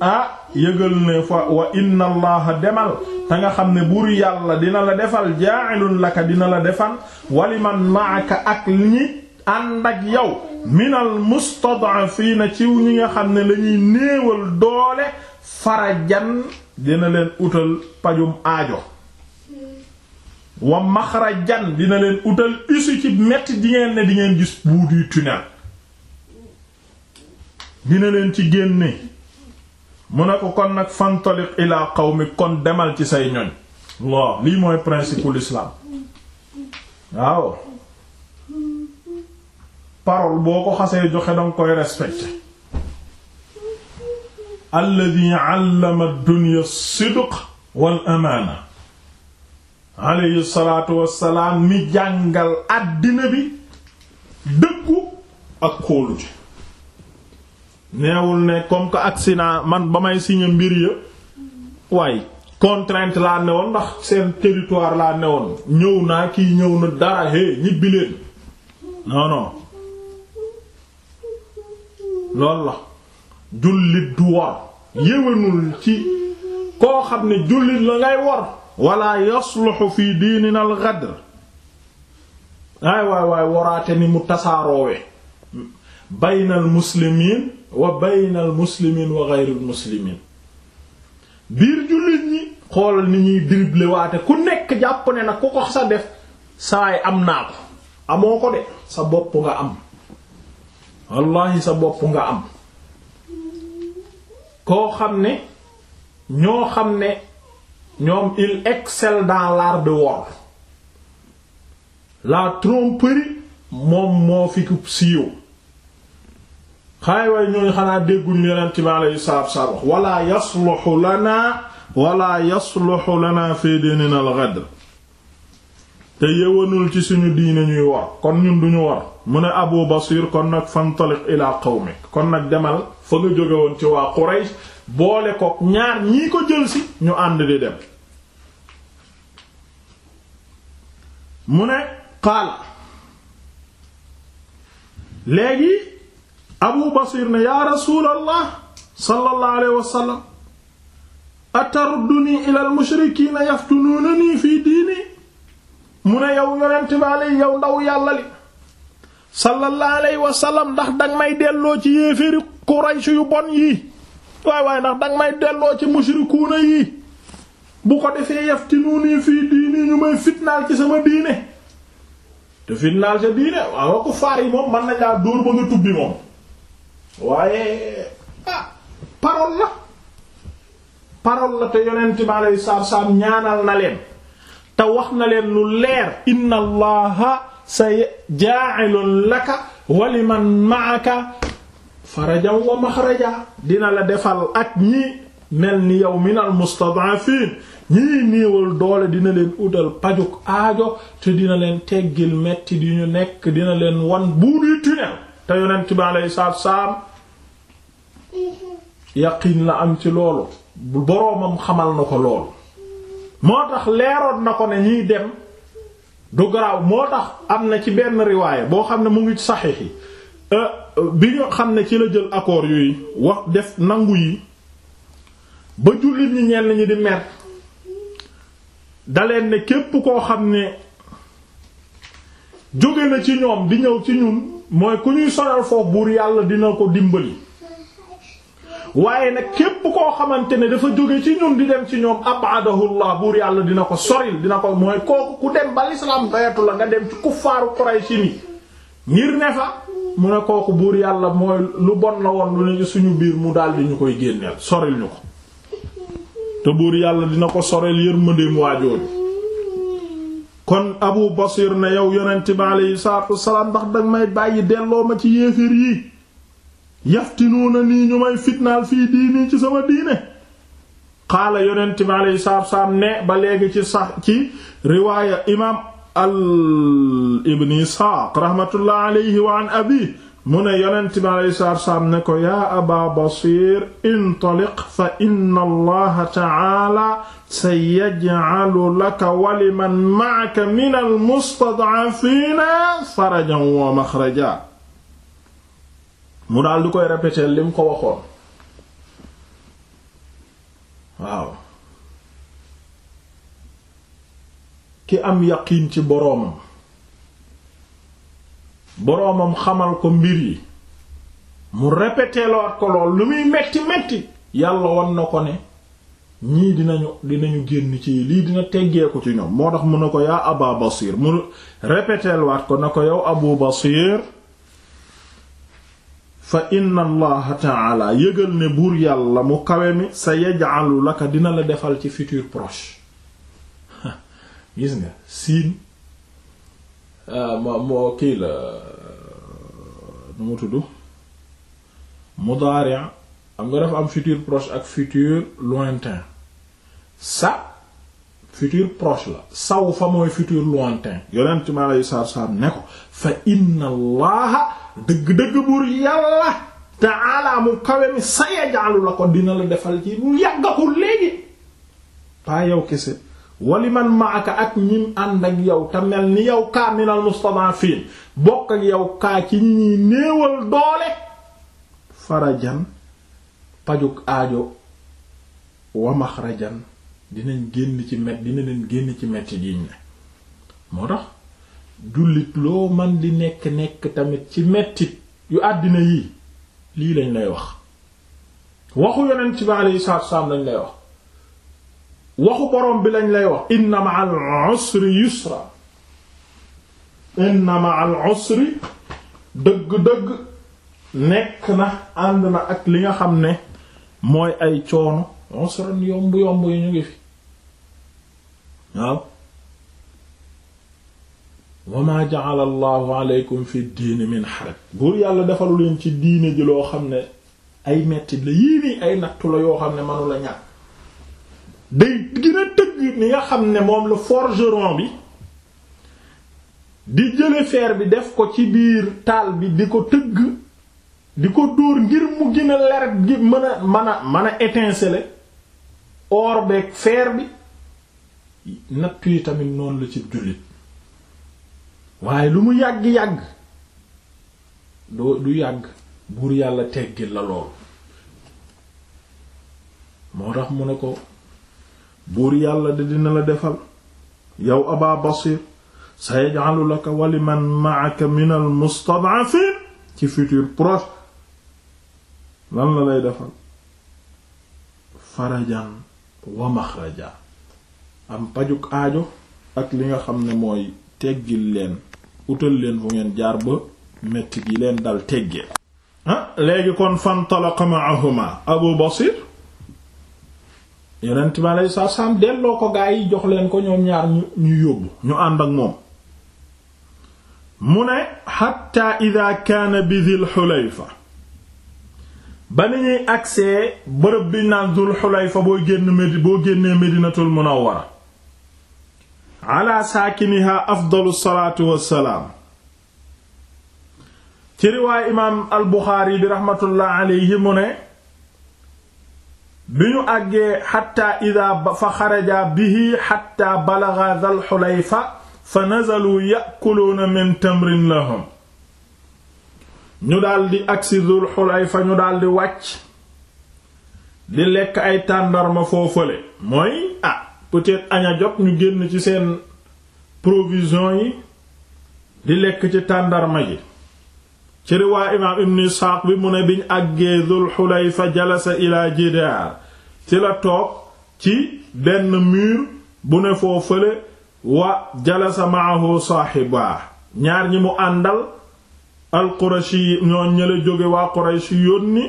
ah yëgal ne fa wa inna allaha demal te nga xam ne buur yàlla dina la defal jaa'ilun laka dina la defal waliman ma'aka ak ñi ànd ak yow minal mustad'afiina ci ñi nga xam ne lañuy ñuy néewal doole farajan dina leen utal pajum aajo wa maxrajan dina leen utal issue ci metti di ne di ngeen gis bout du dina leen ci génne mu ne ko kon nag fantaliq ila qawmi kon demal ci say ñoñ waaw lii mooy principe l'islam waaw parole boo ko xasee joxe danga koy respecté alladi allama dunya sidq wal amaana alayhi salaatu wassalaam mi jàngal àddina bi dëggu ak kóolute neewul ne comme que accident man ba may signé mbir ya waaye contrainte laa newoon ndax seen territoire laa newoon ñëw naa kii ñëw na dara hé ñibbi leen non non la jullit du war yéwénul ci koo xam ne jullit la ngay war wala yasluxu fi diinina al ghadr ay waay waay ni mu tasaaroowe baynal muslimiin wa baynal muslimiin wa ghayril muslimiin biir jullit ñi xoolal ni ñuy dribble waate ku nekk jàpp ne nag ku ko sa def saay am naa ko amoo ko de sa bopp nga am wallahi sa bopp nga am koo xam ne ñoo xam ne ñoom il excelle dans l'art de war la tromperie moom moo fi ku siiw xaay waay ñooñu xanaa dégguñu yonent bi alayhi salaatu wassalaam wax wala yasluhu lana wala yasluhu lana fi te yëwanul ci suñu diine ñuy war kon ñun duñu war mu ne Abu Basir kon nag fantaliq ila qawmik kon nag demal fa nga jóge ci waa Quraysh boole ko ñaar ñii ko jëlsi ñu ànd di dem mu ne qaala léegi abu basir ne yaa rasuulallah sallallahu alayhi wa sallam atarduni ilal mushrikiina yaftunuunani fii diini mu ne yow yonent bi yow ndaw yàlla li sallallahu alayhi wa sallam ndax danga may delloo ci yéeféeri Quraysh yu bon yii waay waay ndax danga may delloo ci mushrikuuna yii bu ko defee yaftinuunii fii diini ñu may fitnaal ci sama diine te fitnaal sa diine waaw ko faar yi moom mën nañu dóor ba nga tubbi moom waaye ah parole la parole la te yonent bi alayhi salaam ñaanal na leen te wax na leen lu leer inna allaha sa jaa'ilun laka wa liman ma'aka farajan wa maxraja dina la defal ak ñi mel ni yow min al mustad'afiin ñii néewal doole dina leen utal pajuk aajo te dina leen teggil metti di ñu nekk dina leen wan buur yi te yonent bi alayhi salaatu salaam yaqiin la am ci loolu boroomam xamal na ko loolu moo tax leeroon na ko ne ñuy dem du garaaw moo tax am na ci benn riwaaya boo xam ne mu ngi saxiix yi euh, bi ñu xam ne ci la jël akoor yuy wax def nangu yi ba jullit ñi ñenn ñi di mer daleen ne képp koo xam ne jóge na ci ñoom di ñëw ci ñun mooy ku ñuy sonal foofu buur yàlla dina ko dimbali waaye nag képp koo xamante ne dafa jóge ci ñun di dem ci ñoom abadahullah buur yàlla dina ko soril dina ko mooy kooku ku dem ba l'islam doyatu la nga dem ci kuffaaru Qurayshi ni ngir ne fa mu ne kooku buur yàlla mooy lu bon la woon lu ne suñu biir mu daldi ñu koy génneel soril ñu ko te buur yàlla dina ko soril yërmandeem waajooju kon abu basir na yow yonent bi aleyhi salaatu wasalaam ndax danga may bàyyi delloo ma ci yéeféer yi yaftinuuna nii ñu may fitnaal fii diini ci sama diine xaala yonent bi aleyhi salaatu wasalaam ne ba léegi ci sax ci riwaaya imaam al ibn isxaaq rahmatullah aleyhi wa an abi mu ne yonent bi aleyhi salaatu salaam ne ko yaa aba basir intaliq fa inna allaha taala sa yajcalu laka waliman macaka min almustadcafiina farajan wa maxraja mu daal du koy répéter lim ko waxoon ki am yaqiin ci boroomam boroomam xamal ko mbir yi mu répété loot ko lool lu muy metti metti yàlla won na ko ne ñii dinañu dinañu génn ci lii dina teggeeku ko ci ñoom moo tax mu ne ko yaa aba basir mu répété ko na ko yow abu basir fa inna allaha taala yëgal ne buur yàlla mu kawe mi sa yaj'alu laka dina la defal ci futur proche gis nga Euh, moo moo kii la nu mu tudd mudaari am nga dafa am futur proche ak futur lointain sa futur proche la saw fa mooy futur lointain yonent mi aleyhi salaatu salaam ne ko fa inna allaha dëgg-dëgg buur yàlla ta'ala mu kawe mi sayajaalu la ko dina la defal ci bu yàggakul léegi paa yow kese wali man maaka ak ñim ànd ak yow te mel ni yow kaa minal mustadafin bokk ak yow kaa ci ñi néewal doole farajan pajuk aajo wa maxrajan dinañ génn ci met génn ci metti yiñ ne moo tax jullit loo man di nekk nekk tamit ci mettit yu àddina yii lii lañ lay wax waxu yonent bi yu salaatu wassalaam lañ lay wax waxu borom bi lañ lay wax inna ma'al usri yusra inna ma'al usri dëgg-dëgg nekk na ànd na ak li nga xam ne mooy ay coono usran yomb yomb yi ñu ngi fi waaw wa ma ja'ala allahu aleykum fi diini yàlla defalu leen ci diine ji loo xam ne ay metti la yii nii ay nattu la yoo xam ne manu la ñàkk day gën a ni nga xam ne moom la forgeron bi di jële feer bi def ko ci biir taal bi di ko tëgg di ko dóor ngir mu gën a gi mën a mën a mën a étinceler or beeg fer bi nattu yi tamit noon la ci jullit waaye lu mu yàgg-yàgg doo du yàgg buur yàlla teggil la lool moo tax mu ne ko buur yàlla de dina la defal yow aba basir sayaj'alu laka wa liman ma'aka min al mustad'afin ci futur proche lan la lay defal farajan wa maxraja am pajuk aajo ak li nga xam ne mooy teggil leen utal leen fu ngeen jaar ba metti gi leen dal teggee ah léegi kon fantalaqa ma'ahuma abu basir yonent bi aleyhi salaatu salaam delloo ko gaa yi jox leen ko ñoom ñaar ñu ñu yóbbu ñu ànd ak moom mu ne xatta ida kaana bi dil xulayfa ba ni ñuy agsee bërëb bi naan dul xulayfa boo génn medi boo génnee medinatul munawwara ala saakiniha afdalu salaatu wassalaam ci riwaay imaam al buxaari bi raxmatullah mu ne bi ñu àggee xatta ida fa xaraja bihi xatta balaga dal xulayfa fa nazalu yakuluuna min tamrin lahum ñu daldi agsi dul fa ñu daldi wàcc di lekk ay tàndarma foofale mooy ah peut aña jot ñu génn ci seen provision yi di lekk ci tàndarma ji ci riwaa imaam ibn isxaaq bi mu ne biñ àggee dul xulayfa jalasa ilaa jidaar ci la toog ci benn mur bu ne foo fële wa jalasa maahu saaxiba ñaar ñi mu àndal alqurashi ñoo ñële jóge waa quraysh yónni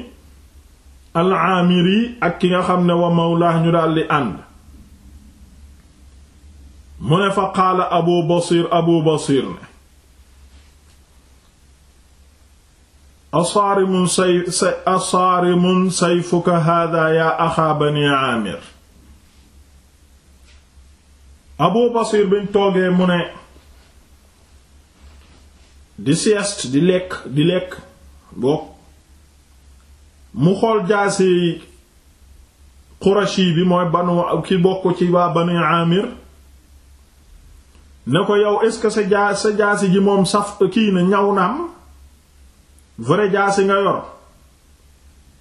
alaamiri ak ki nga xam ne wa mawlaa ñu daldi ànd mu ne fa qaala abu basir abu basir ne asaarimun say say asaarimun sayfuka haadaa yaa axaa bani aamir abu basir biñ toogee mu ne di sieste di lekk di lekk mu xool jaasi qurashi bi mooy banu ki bokk ci waa bani aamir ne ko yow est-ce que sa jaasi ji moom saf kii na ñaw naam vrai jaasi nga yor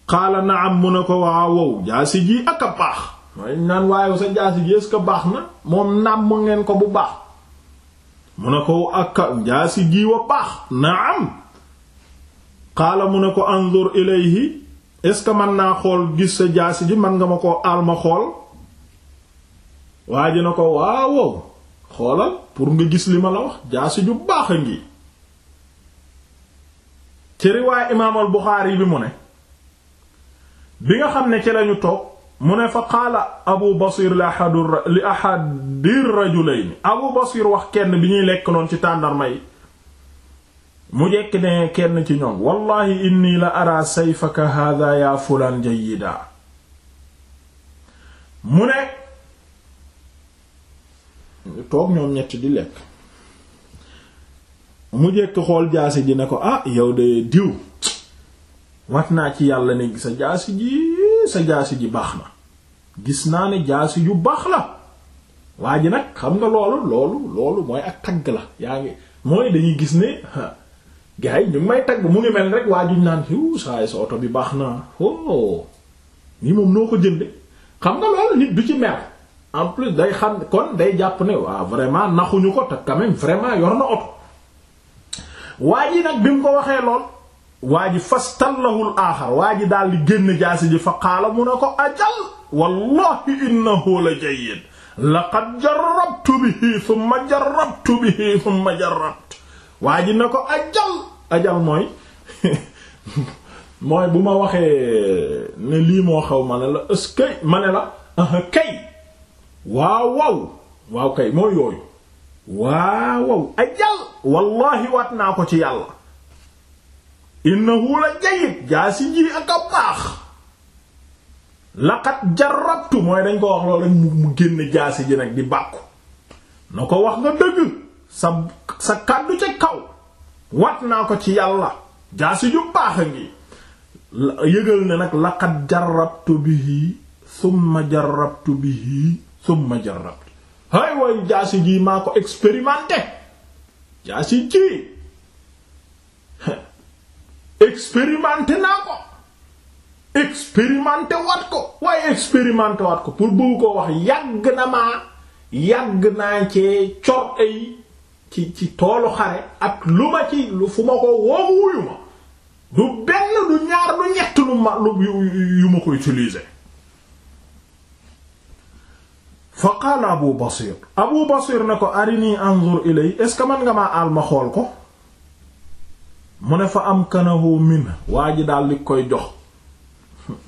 xaala naam mu ne ko waa jaasi ji ak a baax mooy naan waaye sa jaasi ji est baax na moom naam mu ngeen ko bu baax mu ne ko ak jaasi ji wa baax naam xaala mu ne ko anzur ilayhi est man naa xool gis sa jaasi ji mën nga ma ko aal ma xool waa ji na ko waawow xoolal pour nga gis li ma la wax jaasi ju baax a ngi ci riwaay imaamal Buxaari bi mu ne bi nga xam ne ci lañu toog mu ne fa qaala Abu Basir li ahadi li ahadir rajulayni Abu Basir wax kenn bi ñuy lekk noon ci tàndarma yi mu jekk ne kenn ci ñoom wallahi inni la ara sayfaka hadha ya fulan jayyida mu ne toog ñoom ñetti di lekk mu jekk xool jaasi ji ne ko ah yow de diw wat naa ci yàlla ne sa jaasi ji sa jaasi ji baax na gis naa ne jaasi ju baax la waa ji nag xam nga loolu loolu loolu mooy ak tagg la yaa ngi mooy dañuy gis ne gars yi ñu ngi may tagg mu ngi mel rek waa juñ naan hiw saay sa oto bi baax na oh nii moom noo ko jënd xam nga loolu nit du ci mer en plus day xam kon day jàpp ne waa vraiment naxuñu ko te quand même vraiment yor na oto waa ji nag bi mu ko waxee lool waa ji fas fastallahul aaxar waa ji daal di génn jaasi ji fa qaala mu ne ko ajal wallahi innahu la jayyid laqad jarrabtu bihi thumma jarrabtu bihi thumma jarrabtu waa ji ne ko ajal ajal mooy mooy bu ma waxee ne lii moo xaw ma ne la est-ce ma ne la kay waaw waaw waaw kay mooy yooyu waawaw ajal wallahi waat naa ko ci yàlla innahu la jayyid jaa si ji ak a baax laqat jarabtu mooy dañ ko wax loolu rek mu génn jaasi ji nag di bàkku na ko wax nga dëgg sa sa kàddu ca kaw wat naa ko ci yàlla jaasi ju baax a ngi yëgal ne nag laqat jarabtu bihi summa jarabtu bihi summa jarabtu hay way jaasi ji maa ko expérimenté jaasi ji expérimenté naa ko expérimenté wat ko waaye expérimenté wat ko pour bëgg ko wax yàgg na maa yàgg naa ci cor ay ci toolu xare ak lu ma ci lu fu ma ko woomu wuyu ma du benn du ñaar du ñett lu ma lu yu ma ko utiliser fa qaala abu basir abu basir ne ko arini anzur ilay est ce que mën nga maa aal xool ko mu ne fa am kanahu min waa ji daal di koy jox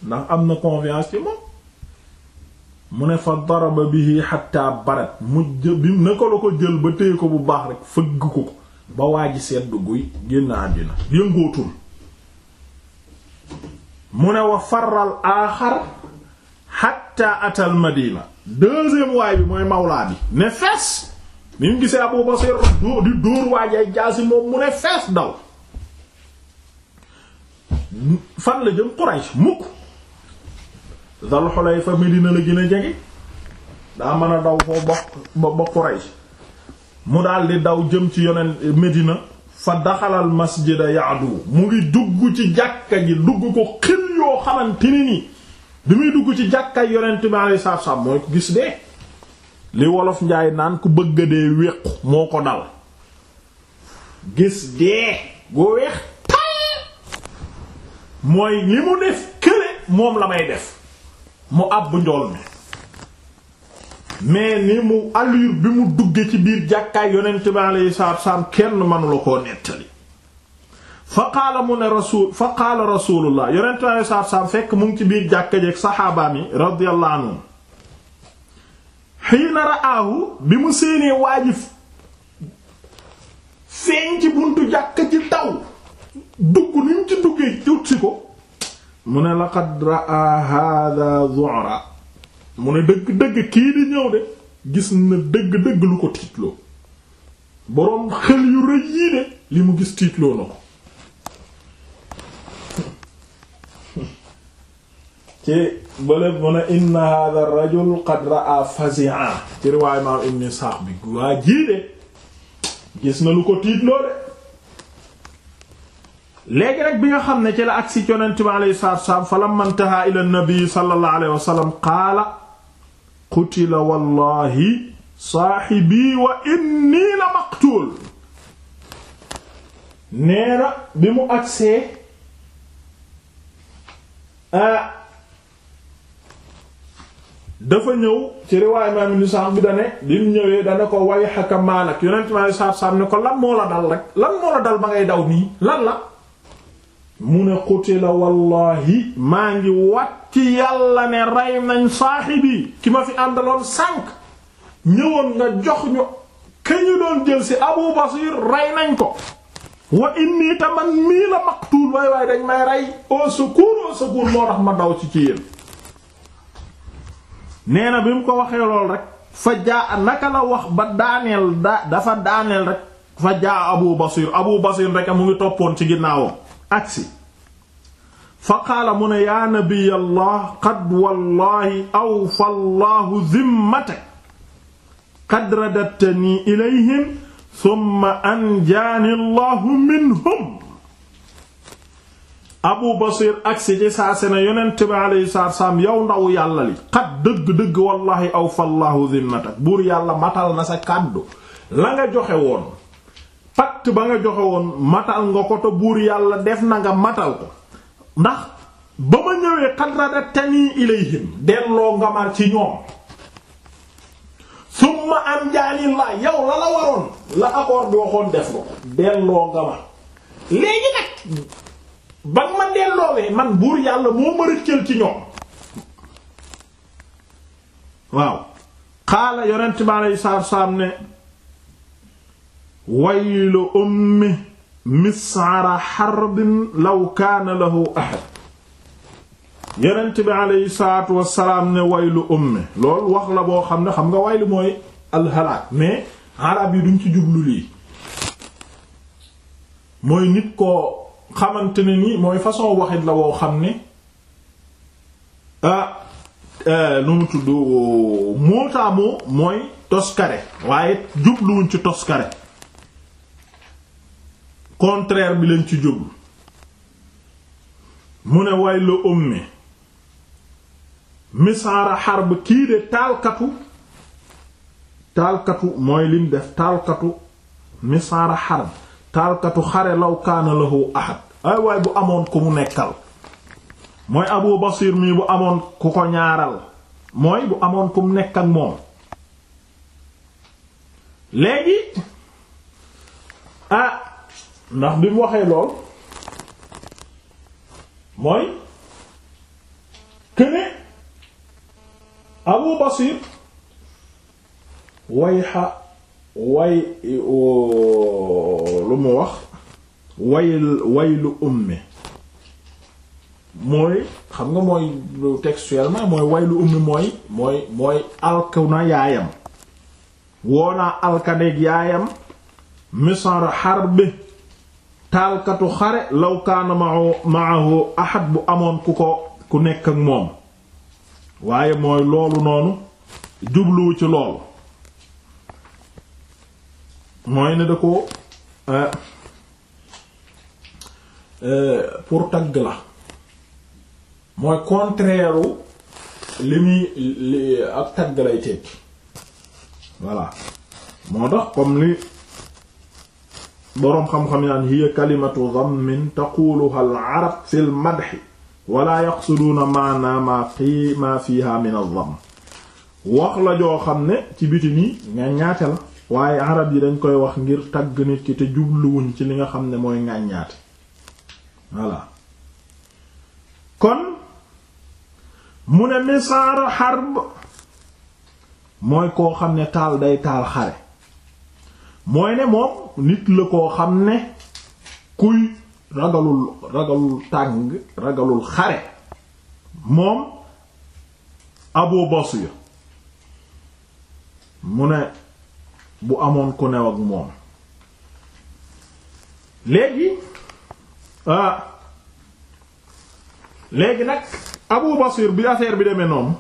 ndax am na confiance ci moom mu ne fa daraba bihi xatta barat mu bi na ko la ko jël ba téye ko bu baax rek fëgg ko ko ba waa ji sedd guy génn àddina yëngootul mu ne wa faral aaxar xatta atal madina deuxième waay bi mooy mawlaa bi ne fees bi gisee Abu Basir di dóor waaj ay jaasi moom mu ne fees daw fan la jëm Quraysh mukk Dal Xulayfa Medina la gën a jege daa mën a daw foo ba ba Quraysh mu daal di daw jëm ci yoneen Medina fa daxalal masjida yaadu mu ngi dugg ci jàkka ji dugg ko xil yoo xamante ni nii bi muy dugg ci jàkkaay yonent bi alayhi salaatu salaam mooy ko gis dee li wolof njaay naan ku bëgg dee wéqu moo ko dal gis dee goo weex tal mooy li mu def kële moom la may def mu àbb njool mi mais ni mu allure bi mu dugge ci biir jàkkaay yonent bi alayhi salaatu salaam kenn mënu la koo nettali fa qaala mu ne rasul fa qaala rasulullah yonent bi saa saam fekk mu ngi ci biir jàkka jeeg saxaabaam yi radiyallahu anhu xiina ra'aahu bi mu séenee waajif feeñ ci buntu jàkka ji taw dugg ni ci duggee jut si ko mu ne laqad ra'aa haadaa zu'ra mu ne dëgg-dëgg kii di ñëw de gis na dëgg-dëgg lu ko tiitloo boroom xel yu rëy de li mu gis tiitloo na ko ci bëlëb mu ne inna hadha qad ra'a fazi'a ci riwaay maam ibn Isxaaq bi waa jii de gis na ko tiit loole léegi rek bi nga xam ne ci la agsi ci yonent bi alayhi salaatu wassalaam falamma intahaa ila an-nabi sallallahu alayhi wallahi saahibi wa inni la maqtuul nee bi mu agsee ah dafa ñëw ci riwaay imaam ibn Sa'd bi dane bi mu ñëwee dana ko way xaka maalak yonent ma saab saab ne ko lan moo la dal rek lan moo la dal ba ngay daw nii lan la mu ne qutila wallahi maa ngi wat ci yàlla ne rey nañ saaxibi ki ma fi àndaloon sànq ñëwoon nga jox ñu ke ñu doon jël si Abu Basir rey nañ ko wa inni taman mii la maqtuul waay waay dañ may rey au secours au moo tax ma daw ci ci yéen nee na bi mu ko waxee lool rek fa jaa naka la wax ba daaneel dafa daaneel rek fa jaa abu basir abu basir rek mu ngi toppoon ci ginnaawam agsi fa qaala mu ne yaa nabiyallah qad wallahi awfa allahu zimmatak qad radatanii ilayhim thumma anjaani allahu minhum abu basir agsi ci saa sena yonent bi alayhi salaatu salaam yow ndaw yàlla li xat dëgg-dëgg wallahi aw fallahu zimmatak buur yàlla matal na sa kàddu la nga joxe woon patt ba nga joxe woon matal nga ko te buur yàlla def na nga matal ko ndax ba ma ñëwee xat rada tani ilayhim delloo nga ci ñoom summa am jaanillaa yow la la waroon la accord bi def ko delloo nga léegi nag ba nga ma delloowee man buur yàlla moo ma rëccal ci ñoom waaw xaala yonent bi aleyhi salaatu wasalaam ne waylu ummi misara xarbin law kaana lahu ahad yonent bi aleyhi salaatu wasalaam ne waylu ummi loolu wax la boo xam ne xam nga waylu mooy alxalaak mais arab yi duñ ci jublu lii mooy nit ko xamante ne ni mooy façon waxit la woo xam ni ah eh, nu mu tudd mootaamoo mooy toskare waaye jubluwuñ ci toskare contraire bi lañ ci jublu mu ne way la ummi misaara xarb kii de taalkatu taalkatu mooy lim def taalkatu misaara xarb taalkatu xare law kaana lahu ahad ay waay bu amoon ku mu nekkal mooy abu basir mii bu amoon ku ko ñaaral mooy bu amoon ku mu nekk ak moom léegi ah ndax bi mu waxee lool mooy këne abu basir wayxa way lu mu wax wayl waylu ummi mooy xam nga mooy textuellement mooy waylu ummi mooy mooy mooy alkuna yaayam woonaa alkaneeg yaayam misar harbi taalkatu xare law kaana ma'ahu ma'ahu ahad bu amoon ku ko ku nekk ak moom waaye mooy loolu noonu jubluwu ci loolu mooy ne da ko euh, euh, pour tagg la mooy contraire li muy li ak tagg lay tekki voilà moo tax comme li boroom xam-xam yaan hiya kalimatu dhammin taquluha al arab fi l madhi wala yaqsuduuna maana ma fi ma min al dhamm wax la joo xam ne ci biti nii nga ñaate la waaye arab yi dañ koy wax ngir tagg nit ki te jubluwuñ ci li nga xam ne mooy ngàññaate voilà kon mu ne misaar xarb mooy koo xam ne taal day taal xare moom nit la koo xam ne kuy ragalul moom Abu mu ne bu amoon ku new moom léegi ah, léegi nag Abu Basir bi affaire bi demee noonu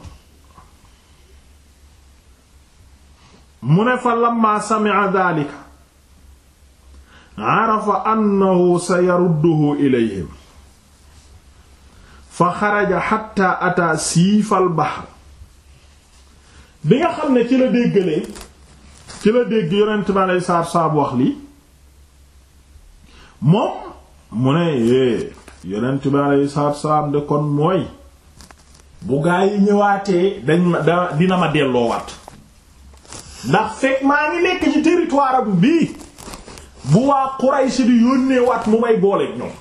mu ne fa lamma sami'a dhalika arafa annahu sayarudduhu ilayhim fa xaraja hatta ata siifal bahr bi nga xam ne ci la déggalee ci la dégg yonent bi aleyhi salaatu salaam wax lii moom mu ne eh, yonent bi aleyhi salaatu salaam de kon mooy bu gaa yi ñëwaatee dañ da dina ma delloowaat ndax fekk maa ngi nekk ci territoire am bii bu waa Quraysh di yónnee waat mu may booleeg ñoom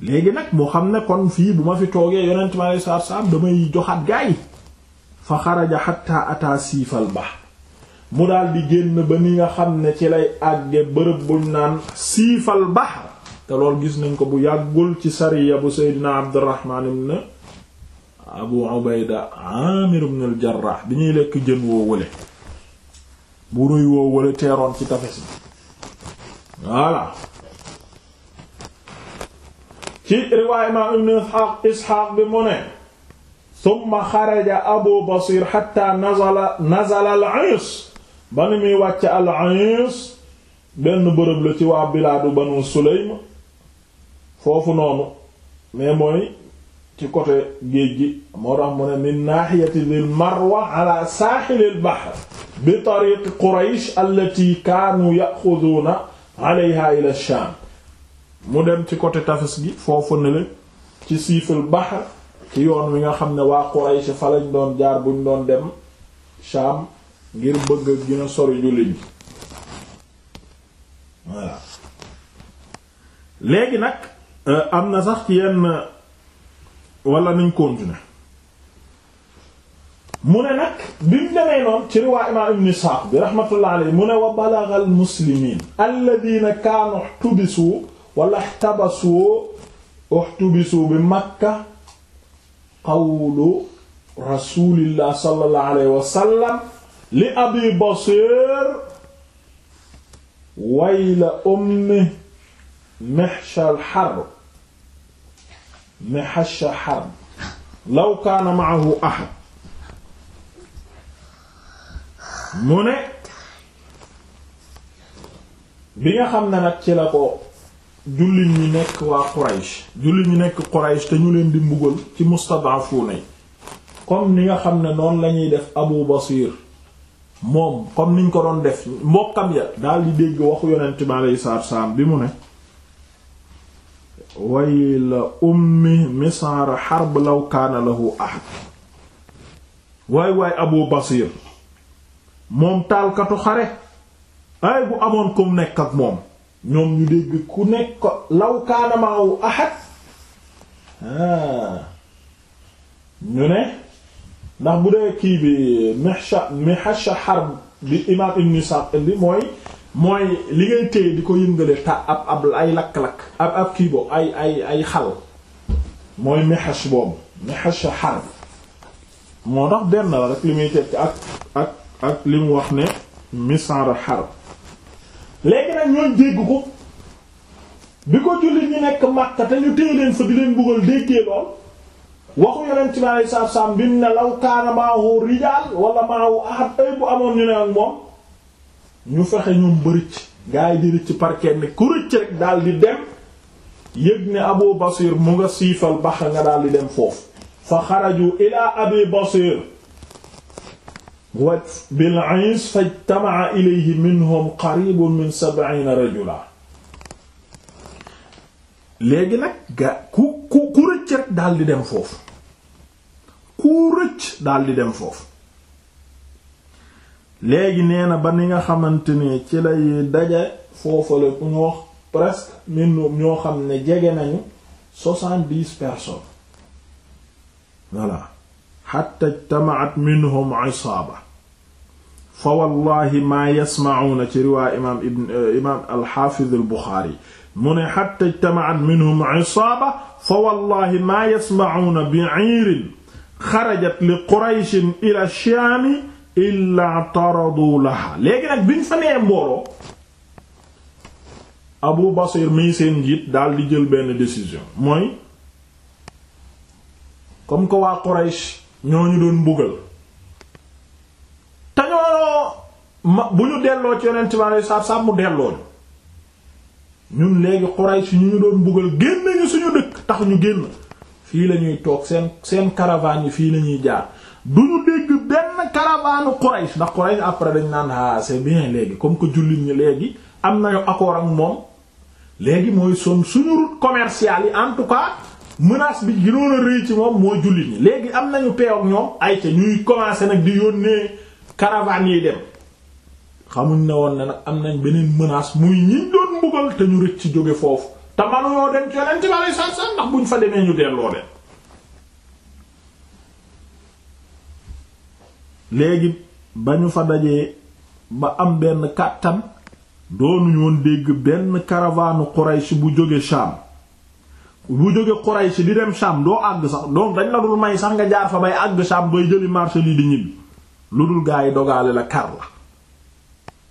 léegi nag moo xam ne kon fii bu ma fi toogee yonent bi aleyhi salaatu salaam damay joxaat gaa yi fa xaraja hatta ata siifal ba mu daal di génn ba ni nga xam ne ci lay àgge bërëb buñ naan siifal bahr te lool gis nañ ko bu yàggul ci sariya bu seydina abdurrahman ibn abu ubayda amir ibn al bi ñuy lekk jën woo wële bu nuy woo wële teeroon ci tafes bi voilà ci riwaay imaam ibn isxaaq bi mu ne summa xaraja abu basir xatta nazala nazala al ba ni muy wàcc al-Ains benn bërëb la ci waa bilaadu Banu Sulaym foofu noonu mais mooy ci côté géej gi moo tax mu ne min nahiyati lil marwa ala saaxilil bahr bi tariq Quraysh allati kaanu yaxuduuna alayha ila Shaam mu dem ci côté tafis gi foofu ne la ci siifal bahr ci yoon wi nga xam ne waa Quraysh fa lañ doon jaar buñ doon dem Shaam ngir bëgg gina sori jullit yi voilà léegi nag euh, am na sax ci yenn wala nañ continuer mu ne nag bi mu demee noonu ci riwaa imaam ibn Isxaaq bi rahmatullah alayhi mu ne wa balagha al muslimiin alladhiina kaanu ihtubisu wala ihtabasu ihtubisu bi Makka qawlu rasuulillah sallallahu alayhi wa sallam li abi basir wayla ummi mihshal harb mihshal harb law kaana ahad mu ne bi nga xam na nag ci la ko jullit ñi nekk waa Quraysh jullit ñi nekk Quraysh te ñu leen di mbugal ci mustad'afuna comme ni nga xam ne noonu lañuy def Abu Basir moom comme niñ ko doon def mbokkam ya daal di dégg waxu yonent bi alayhi salaatu wasalaam bi mu ne wayla ummi misaar harb law kaana lahu ahad waay waay abu basir moom taalkatu xare ay bu amoon kum nekk ak moom ñoom ñu dégg ku nekk law kaana maahu ahad ah. ñu ne ndax bu dee kii bi mihsha mihsha harb bi imam ibn Sa'd indi mooy mooy li ngay téye di ko yëngale ta ab ab ay lakk-lakk ab ab kii boobu ay ay ay xal mooy mihsh boobu mihsha harb moo tax denn la rek li muy tekk ak ak li mu wax ne misar harb léegi nag ñooñ dégg ko bi ko jullit ñu nekk Makka te ñu téye leen fa di leen buggal déggee lool waxu yonent bi alayhi salaatu salaam bi mu law kaana maahu rijaal wala maahu ahad ay bu amoon ñu ne ak moom ñu fexe ñoom ba gaa yi di rëcc par kenn ku rëcc rek daal di dem yëg ne Abu Basir mu nga siifal bax nga daal dem foofu fa xaraju ilaa Abi Basir wa bil iis fajtama'a ilayhi minhum qaribun min sab'iina rajula léegi nag ga ku ku rëcc rek daal dem foofu ku rëcc daal di dem foofu léegi nee na ba ni nga xamante ne ci lay daje foofale ku ñu wax presque ñun ñoo xam ne jege nañu soixante-dix personnes voilà hatta ijtama'at minhum isaaba fa wallahi maa yasma'una ci riwaay imaam ibn eh, mu ne hatta ijtama'at minhum isaaba fa wallahi maa yasma'una bi'iirin xarajat li qurayshin ila shaami illa taradu laha léegi nag biñ fa nee mbooloo abu basir mii seen njiit daal di jël benn décision mooy comme que waa quraysh ñoo ñu doon mbugal te ñoo bu ñu delloo ci yonent bi alei satu salaam mu delloo ñun léegi quraysh ñu ñu doon mbugal génn ñu suñu dëkk tax ñu génn fii lañuy toog seen seen caravane yi fii lañuy jaar du ñu dégg benn caravane Quraysh ndax Quraysh après dañ naan ah c'est bien léegi comme que jullit ñi léegi am nañu accord ak moom léegi mooy son suñu route commerciale yi en tout bi gënoon a rëy ci moom mooy jullit ñi léegi am nañu paix ak ñoom ay ca ñuy commencer nag di yónnee caravane yi dem xamuñ ne woon ne nag am nañ beneen menace muy ñi doon mbugal te ñu rëcc ci jóge foofu te manuñoo dem ci yonent bi alayhi salaatu salaam ndax fa demee ñu delloo leen léegi ba ñu fa dajee ba am benn kàttan doonuñu woon dégg benn caravane Quraysh bu jóge Sham bu jóge Quraysh di dem Sham doo àgg sax dañ la dul may sax nga jaar fa bay àgg Sham bay jëli marché lii di ñibbi lu dul gaa yi dogaale la kar la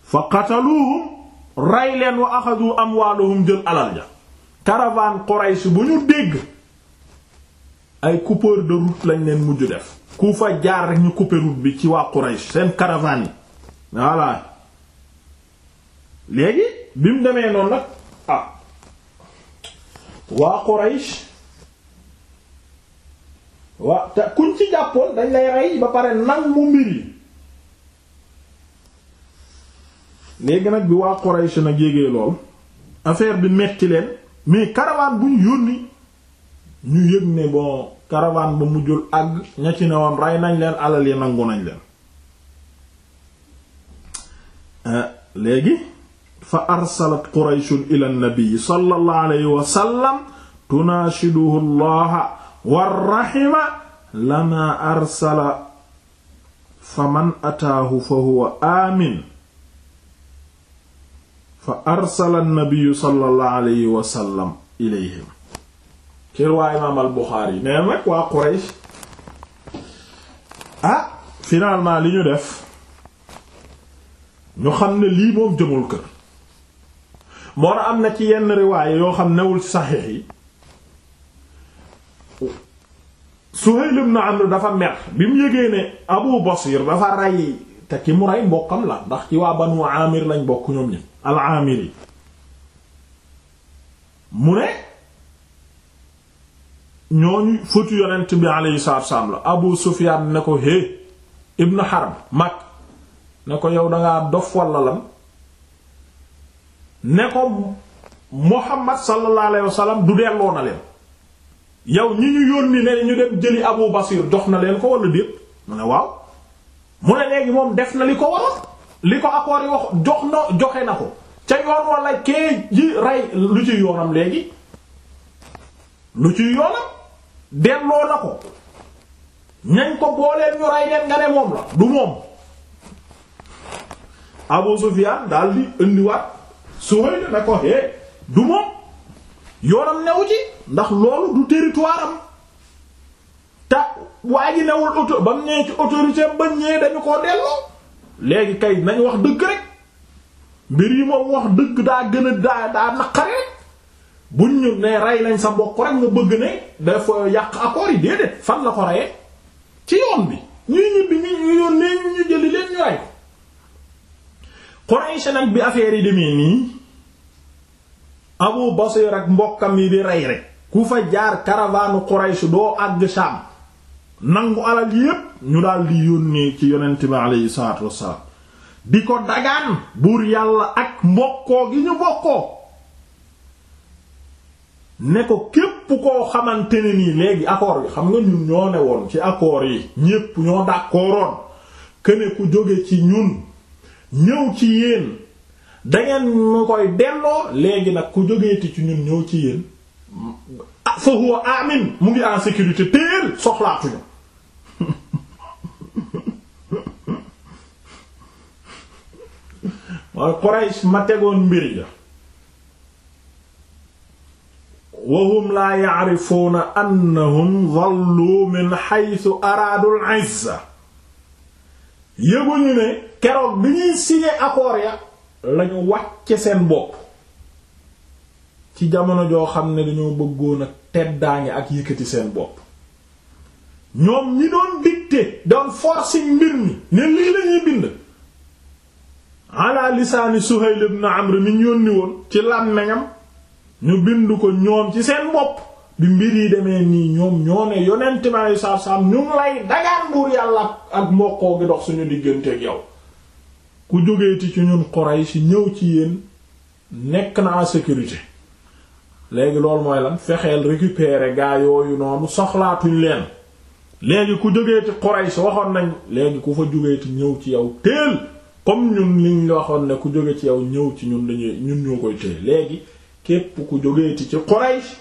fa qataluhum rey leen wa axadu amwaaluhum jël alal ja caravane Quraysh bu ñu dégg ay coupeur de route lañ leen mujj def ku fa jaar rek ñu couper bi ci waa Quraysh seen caravane yi voilà léegi bi mu demee noonu nag ah waa Quraysh waa te kuñ ci jàppoon dañ lay rey ba pare nangu mbir yi léegi nag bi waa Quraysh nag yégee lool affaire bi metti leen mais caravane bu ñu ñu yëg ne bon caravane ba mujjul àgg ña woon rey nañ leen alal yi nangu nañ leen euh, léegi fa arsalat qurayshun ila an-nabi alayhi wa sallam tunaashiduhu allaha war rahima lama arsala faman ataahu fa huwa amin fa arsala nabiyu sallallahu alayhi wa sallam ilayhim ci riwaaya imaam al Buxaari nee nag waa Quraysh ah finalement li ñu def ñu xam ne lii moom jëmul kër moo na am na ci yenn riwaaya yoo xam newul saxiix yi Suhayl ibn Amr dafa mer bi mu yëgee ne Abu Basir dafa rey te ki mu rey mbokkam la ndax ci waa banu amir lañ bokk ñoom ñi al amir yi mu ne ñooñu fëtu yonent bi alayhi salaatu wassalaam la abu sufyaan ne ko hé ibn harb mag ne ko yow dangaa dof walla lan ne ko muhammad sallallahu alayhi du delloo na leen yow ñi ñu yónni ne ñu dem jëli abu basir jox na leen ko walla déet mu ne waaw mu ne léegi moom def na li ko waroon li ko accord yi jox na joxe na ko ca yoon wala kee ji rey lu ci yoonam léegi lu ci yoonam delloo na ko ñañ ko booleen ñu rey leen nga ne moom la du moom Abu Sufyan daal di indiwaat Suhayl na ko hé du moom yoonam newu ci ndax loolu du territoire waa ji newul auto ba mu ñëwee ci autorité ba ñëwee dañu koo delloo léegi kay nañ wax dëgg rek mbir yi moom wax dëgg daa gën a daa daa naqare buñ ñu ne rey lañ sa mbokk rek nga bëgg ne dafa yàq accords yi déedéet fan la ko reyee ci yoon bi ñuy ñibbi ñu ñu yoon nee ñu jëli leen ñu rey ko Quraysh nag bi affaire yi demee nii Abu Basir ak mbokkam yi di rey rek ku fa jaar caravane Quraysh doo àgg Sham nangu alal yépp ñu daal di yónnee ci yonent bi aleyhi salaatu wassalaam di ko dagaan buur yàlla ak mbokkoo gi ñu bokkoo ne ko képp koo xamante ne nii léegi accord bi xam nga ñun ñoo ne woon ci akoor yi ñépp ñoo d'accordoon ne ku jóge ci ñun ñëw ci yéen dangeen mu koy delloo léegi nag ku jógeeti ci ñun ñëw ci yéen fa amin mu ngi en sécurité téel soxlaatuñu mooy Quraysh ma tegoon mbir ya wahum laa ya'rifuuna annahum dalluu min haythu araadul izza yëguñu ne keroog bi ñuy signé accord ya lañu wàcce seen bopp ci jamono joo xam ne dañoo bëggoon a teddaange ak yëkkati seen bopp ñoom ñi doon dicté doon forcer mbir mi ne lii lañuy bind ala lisaani Suhayl ibn Amr mi ñu yónni woon ci làmmeñam ñu bind ko ñoom ci seen bopp bi mbir yi demee nii ñoom ñoo ne yonent bi alei satu salaam lay dagaan buur yàlla ak mboqoo gi dox suñu digganteeg yow ku jógeeti ci ñun si ñëw ci yéen nekk na en sécurité léegi loolu mooy lan fexeel récupérer gaa yooyu noonu soxlaatuñ leen léegi ku jógeeti Quraysh waxoon nañ léegi ku fa jógeeti ñëw ci yow teel comme ñun liñ la waxoon ne ku jóge ci yow ñëw ci ñun dañuy ñun ñoo koy téye léegi képp ku jógee ci ci Quraysh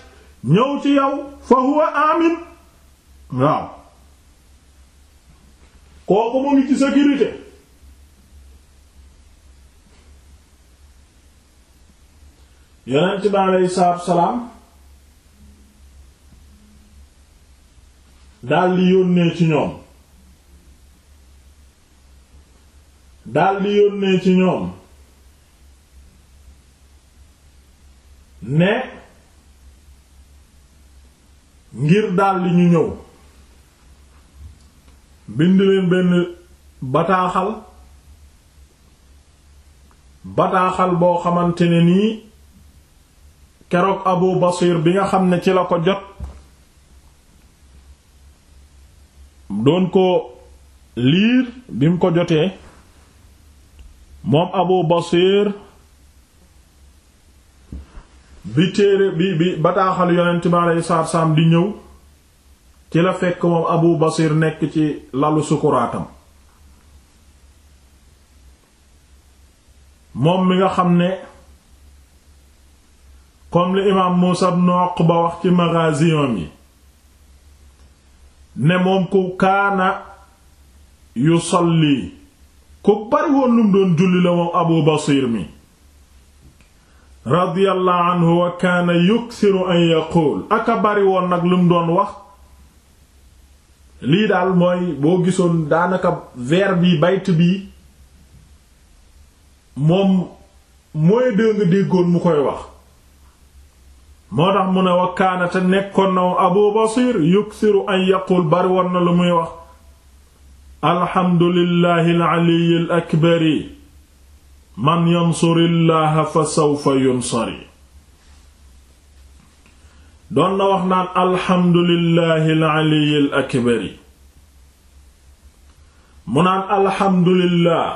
ñëw ci yow fa huwa amin waaw kooku mu ngi ci sécurité yonent bi aleyhi salaatu salaam daldi yónnee ci ñoom daldi yónnee ci ñoom ne ngir daldi ñu ñëw bind leen benn bataaxal bataaxal boo xamante ne nii keroog Abu Basir bi nga xam ne ci la ko jot doon ko liir bi mu ko jotee moom Abu Basir bi téere bi bi bataaxal yonent bi aleyhi salaatu di ñëw ci la fekk moom Abu Basir nekk ci lalu sukuraatam moom mi nga xam ne comme li imaam Muusa ibn Uqba wax ci magaziom yi ne moom ku kaana yusalli ku bari woon lum doon julli la moom abu basir mi radiyallahu anhu kaana yuksiru an yaquul aka bari woon nag lum doon wax lii daal mooy boo gisoon daanaka vers bi bayt bi moom mooy dëng déggoon mu koy wax moo tax mu ne wa kaana te nekkoon na abu basir yuksiru an yaquul bari na lu muy wax alxamdulillahi alcaliyi alakbari man yansurillaha fa sawfa yunsari doon na wax naan alxamdulillahi alcaliyi alakbari mu naan alxamdulillah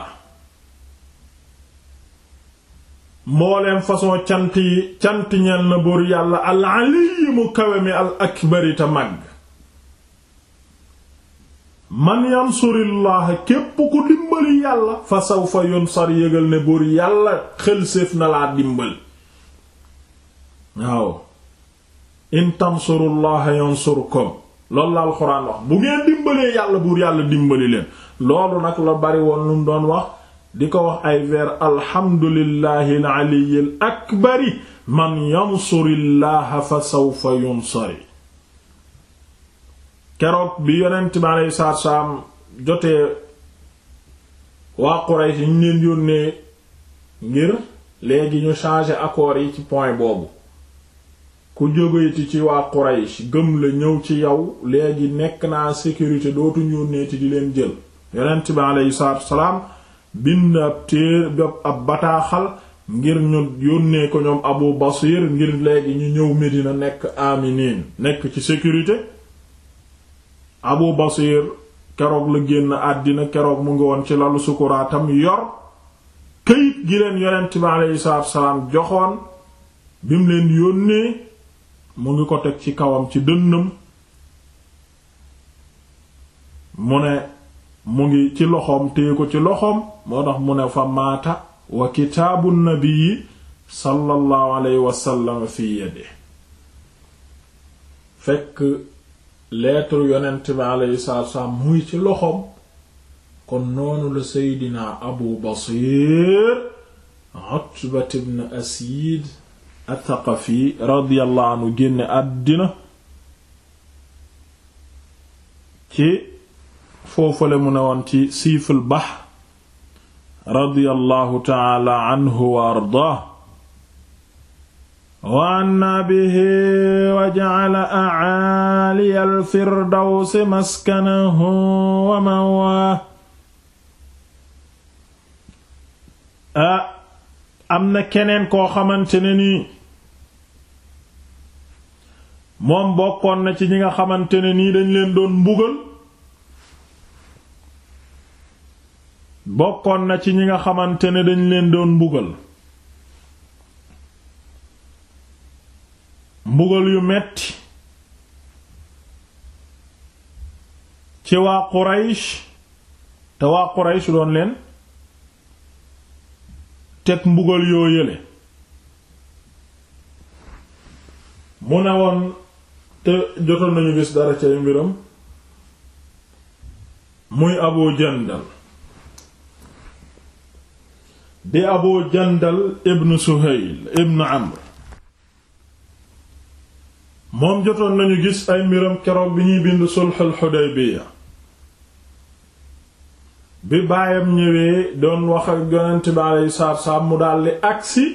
mbooleem façon cant yi na buur yàlla alcaliyi mu kawe mi al te màgg man yansurillaaha képp ku dimbali yàlla fa sawfa yunsar yégal ne buur yàlla xel séef na laa dimbali waaw in tansurullaha yansurkum loolu la alxuraan wax bu ngeen dimbalee yàlla buur yàlla dimbali leen loolu nag la bari woon lu doon wax di ko wax ay vers alhamdulillahi al aliyyil akbari man yansurillaaha fa sawfa yunsari keroog bi yonent bi aleyhi salaatu salaam jotee waa Quraysh ñu leen yónnee ngir léegi ñu changer accords yi ci point boobu ku jógeeti ci waa Quraysh gëm la ñëw ci yow léegi nekk naa sécurité dootuñ yónnee ci di leen jël yonent bi aleyhi salaatu salaam bind ab téer ab bataaxal ngir ñu yónnee ko ñoom Abu Basir ngir léegi ñu ñëw Medina nekk aminin nekk ci sécurité abu basir keroog la génn àddina keroog mu ngi woon ci lalu sukuraatam yor këyit gi leen yonent bi aleyhi salaatu salaam joxoon bi mu leen yónnee mu ngi ko teg ci kawam ci dënnam mu ne mu ngi ci loxoom téye ko ci loxoom moo tax mu ne fa maata wa kitaabu nabii sallallahu alayhi wa sallam fi yadihi lettre yonent bi alayhi salaatu salaam muy ci loxoom kon noonu la seydina abu basir utbat ibn asiid athaqafi radiyallahu anhu génne àddina ci foofale mu ne woon ci siiful bahr radiyallahu ta'ala anhu wa ardaa wa naa bihi wa ja'ala a'aliya al-firdawsi maskanahu wa mawaa am na keneen koo xamante ne nii moom bokkoon na ci ñi nga xamante ne nii dañ leen doon mbugal bokkoon na ci ñi nga xamante ne dañ leen doon mbugal mbugal yu metti ci waa Quraysh te waa Quraysh doon leen teg mbugal yoo yële mu ne woon te jotoon nañu gis dara cay mbiram muy Abu Jandal di Abu Jandal ibn Suhayl ibn Amr moom jotoon nañu gis ay mbiram keroog bi ñuy bind sulxul xudaybiya bi baayam ñëwee doon wax ak yonent bi mu daldi agsi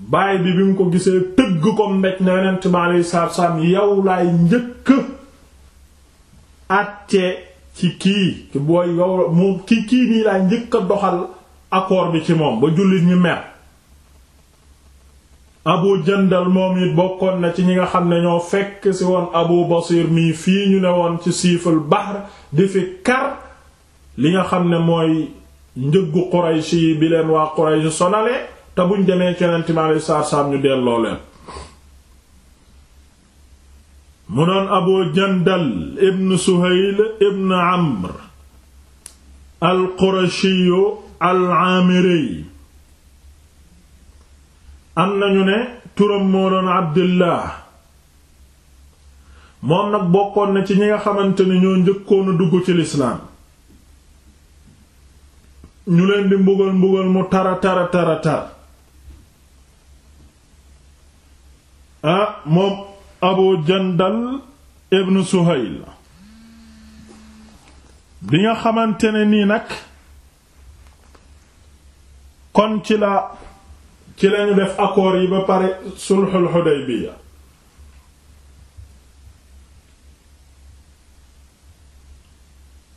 baay bi bi mu ko gisee tëgg ko mbéj na yonent bi aleyhi yow laay njëkk àtte ci kii ki booy yow moom ki kii nii laay njëkk doxal accord bi ci moom ba jullit ñi mer abu jandal moom it bokkoon na ci ñi nga xam ne ñoo fekk ci woon abu basir mii fii ñu ne woon ci siifal bahr di fi kar li nga xam ne mooy njëggu qurayshi yi bi leen waa qurayshi sonale te buñ demee conenti maale saar saam ñu delloo leen mu noon abu jandal ibn suhayl ibn amr al qurashiyu al amiri am nañu ne turam moo doon abdillah moom nag bokkoon na ci ñi nga xamante ne ñoo njëkkoon dugg ci lislaam ñu leen di mbugal mbugal mu tara tara tara tar ah moom abu jandal ibn suhayl bi nga xamante nii nag kon ci lañu def accords yi ba pare sulxul Hudaybiya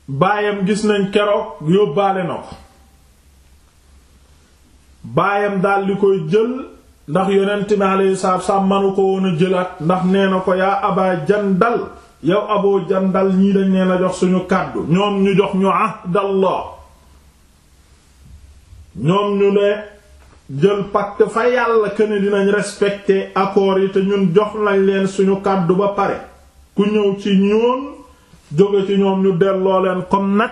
baayam gis nañ keroog yóbbaale na ko baayam daldi koy jël ndax yonent bi alayhi salaatu salaam ko woon jëlaat ndax nee na ko yaa Abaa Jandal yow Aboo Jandal ñii dañ nee na jox suñu kàddu ñoom ñu jox ñu ahdallah ñoom ñu ne jël pacte fa yàlla këne dinañ respecter accords yi te ñun jox lañ leen suñu kàddu ba pare ku ñëw ci ñoon jóge ci ñoom ñu delloo leen comme nag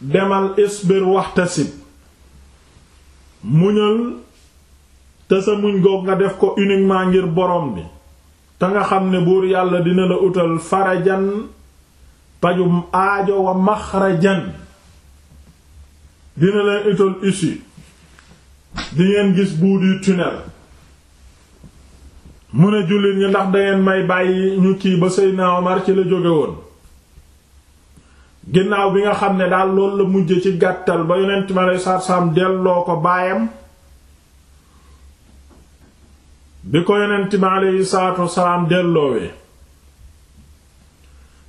demal isbir waxtasib muñal te sa muñ goog nga def ko uniquement ngir borom bi te nga xam ne buur yàlla dina la utal farajan pajum aajo wa maxrajan dina leen utal issue di ngeen gis buur yu tunnel mu ne jullit ñi ndax dangeen may bàyyi ñu kii ba Seydina Omar ci la jóge woon ginnaaw bi nga xam ne daal loolu la mujj ci gàttal ba yonent ma lay saam delloo ko baayam bi ko yonent ma saatu saam wasalaam delloowee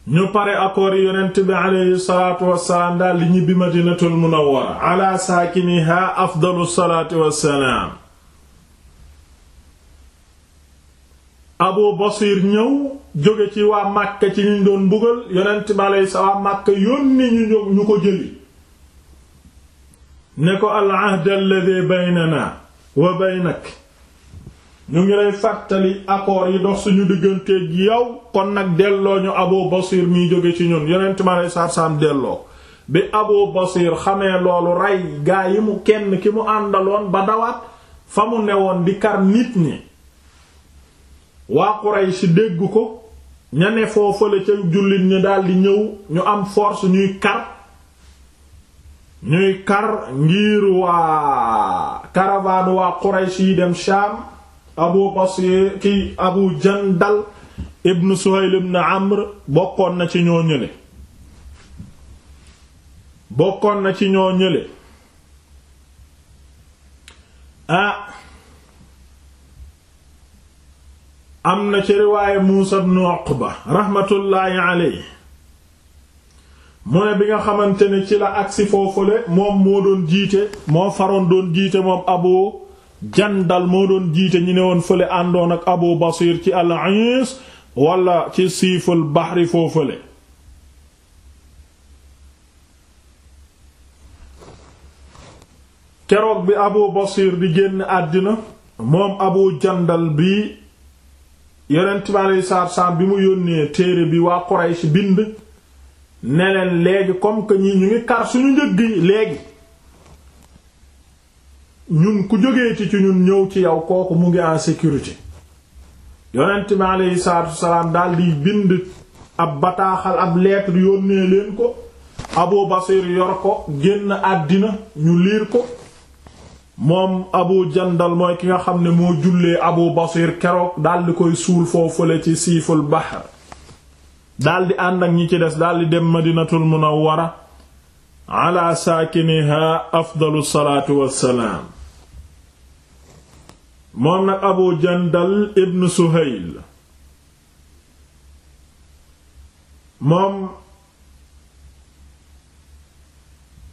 ñu pare accord yi yonent bi aleyhi salaatu wassalaam daal ñibbi madinatul munawwara ala saakiniha afdalu salaatu wassalaam abu basir ñëw jóge ci waa màkka ci ñu doon mbugal yonent bi aleyhi waa màkka yónni ñu ñu ko jëli ne ko al ahd alladhi baynana wa baynak ñu ngi lay fàttali accord yi dox suñu digganteeg yow kon nag delloo ñu Abu Basir mi jóge ci ñun yonent ma lay sarsam delloo bi Abu Basir xamee loolu rey gaa yi mu kenn ki mu àndaloon ba dawaat fa mu newoon di kar nit ñi waa Quraysh dégg ko ña ne la ca jullit ñi daldi ñëw ñu am force ñuy kar ñuy kar ngir waa caravane waa Quraysh yi dem Sham ki abu jandal ibn suhayl ibn amr na ci ñoo ñële na ci ñoo ñële ah am na ci riwaaye muusa ibn uqba raxmatullaahi alayhi mu ne bi nga xamante ni ci la agsi foofule moom moo doon jiite moo faroon doon jiite moom abu jandal moo doon jiite ñu ne woon fële àndoon ak abu basir ci al-Is wala ci siiful baxri foo fële keroog bi abu basir di génn àddina moom abu jandal bi yonent bi aleyhi salaatu bi mu yónnee téere bi waa Quraysh bind ne leen léegi comme ñi ñu ngi kar suñu njëg yi léegi ñun ku jóge ci ci ñun ñëw ci yow kooku mu ngi en sécurité yonent bi aleyhi daldi bind ab bataaxal ab lettre yónnee leen ko Abu Basir yor ko génn àddina ñu liir ko moom Abu Jandal mooy ki nga xam ne moo jullee Abu Basir keroog daal koy suul foofule ci siiful bahr daldi di ànd ak ñi ci des daal di dem Madinatul Munawwara ala saakiniha afdalu salaatu wassalaam moom nag abu jandal ibn suhayl moom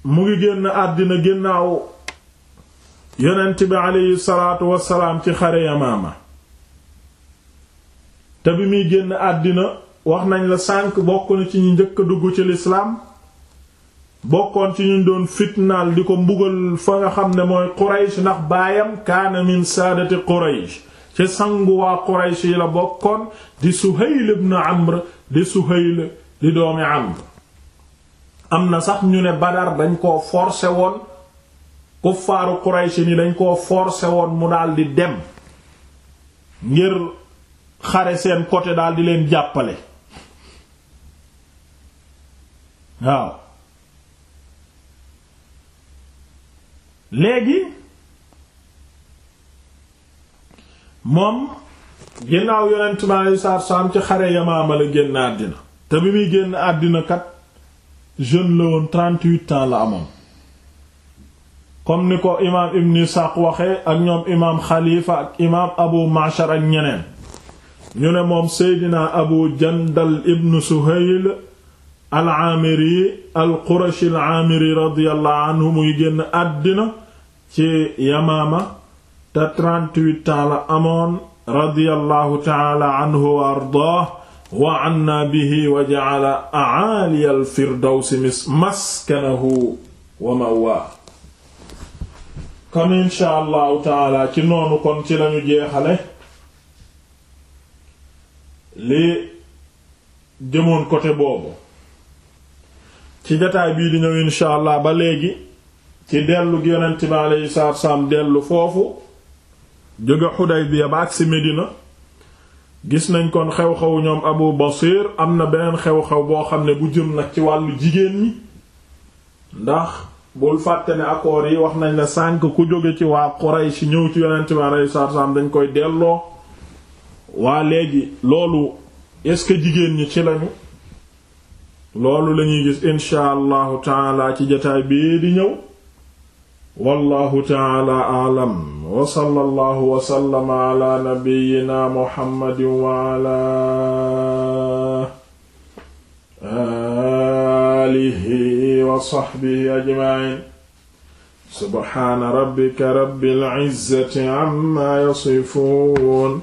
mu ngi génn àddina ginnaaw yonent bi aleyhi salaatu ci xare yamaama te bi muy génn àddina wax nañ la sànk bokk na ci ñi njëkk a dugg ci lislaam bokkoon ci ñu doon fitnaal di ko mbugal fa nga xam ne mooy Quraysh ndax baayam kaana min saadati Quraysh ci sangu waa Quraysh yi la bokkoon di Suhayl ibn Amr di Suhayl di doomi Amr am na sax ñu ne Badar dañ koo forcer woon kuffaaru Quraysh ni dañ koo forcer woon mu daal di dem ngir xare seen côté daal di leen jàppale waaw léegi moom ginnaaw yonent bi aleyhi salaatu salaam ci xare Yamaama la génn àddina te bi muy génn àddina kat jeune la woon trente la amoon comme ni ko imaam Ibn Isaaq waxe ak ñoom imaam Xalifa ak imaam Abu Ma'shar ak ñeneen ñu ne moom Seydina Abu Jandal ibn Suhayl al-Aamiri al-Qurashi al-Aamiri radiyallahu anhu muy génn àddina ci Yamaama te 38 ans la amoon radiyallahu ta'ala anhu wa ardaahu wa anna bihi wa ja'ala a'aaliya al-firdawsi maskanahu wa ma'waahu kon insha allahu taala ci noonu kon ci lañu jeexale li jëmoon côté boobu ci jataay bii di ñëw insha ba léegi ci dellu gi yonent bi alayhi salaatu wasalaam dellu foofu jóge Xudaybiya ba agsi Medina gis nañ kon xew-xew ñoom Abu Basir am na beneen xew-xew boo xam ne bu jëm nag ci wàllu jigéen ñi ndax bul fàtte ne accords yi wax nañ la sànk ku jóge ci waa Quraysh ñëw ci yonent bi alayhi salaatu wasalaam dañ koy delloo waa léegi loolu est jigéen ñi ci lañu loolu lañuy gis insha allahu taala ci jataay bii di ñëw wallahu taala alam wa sallallahu ala nabiyyina muhammadin wa ala alihi wa sahbihi ajma'in subhana rabbika rabbil izzati amma yasifun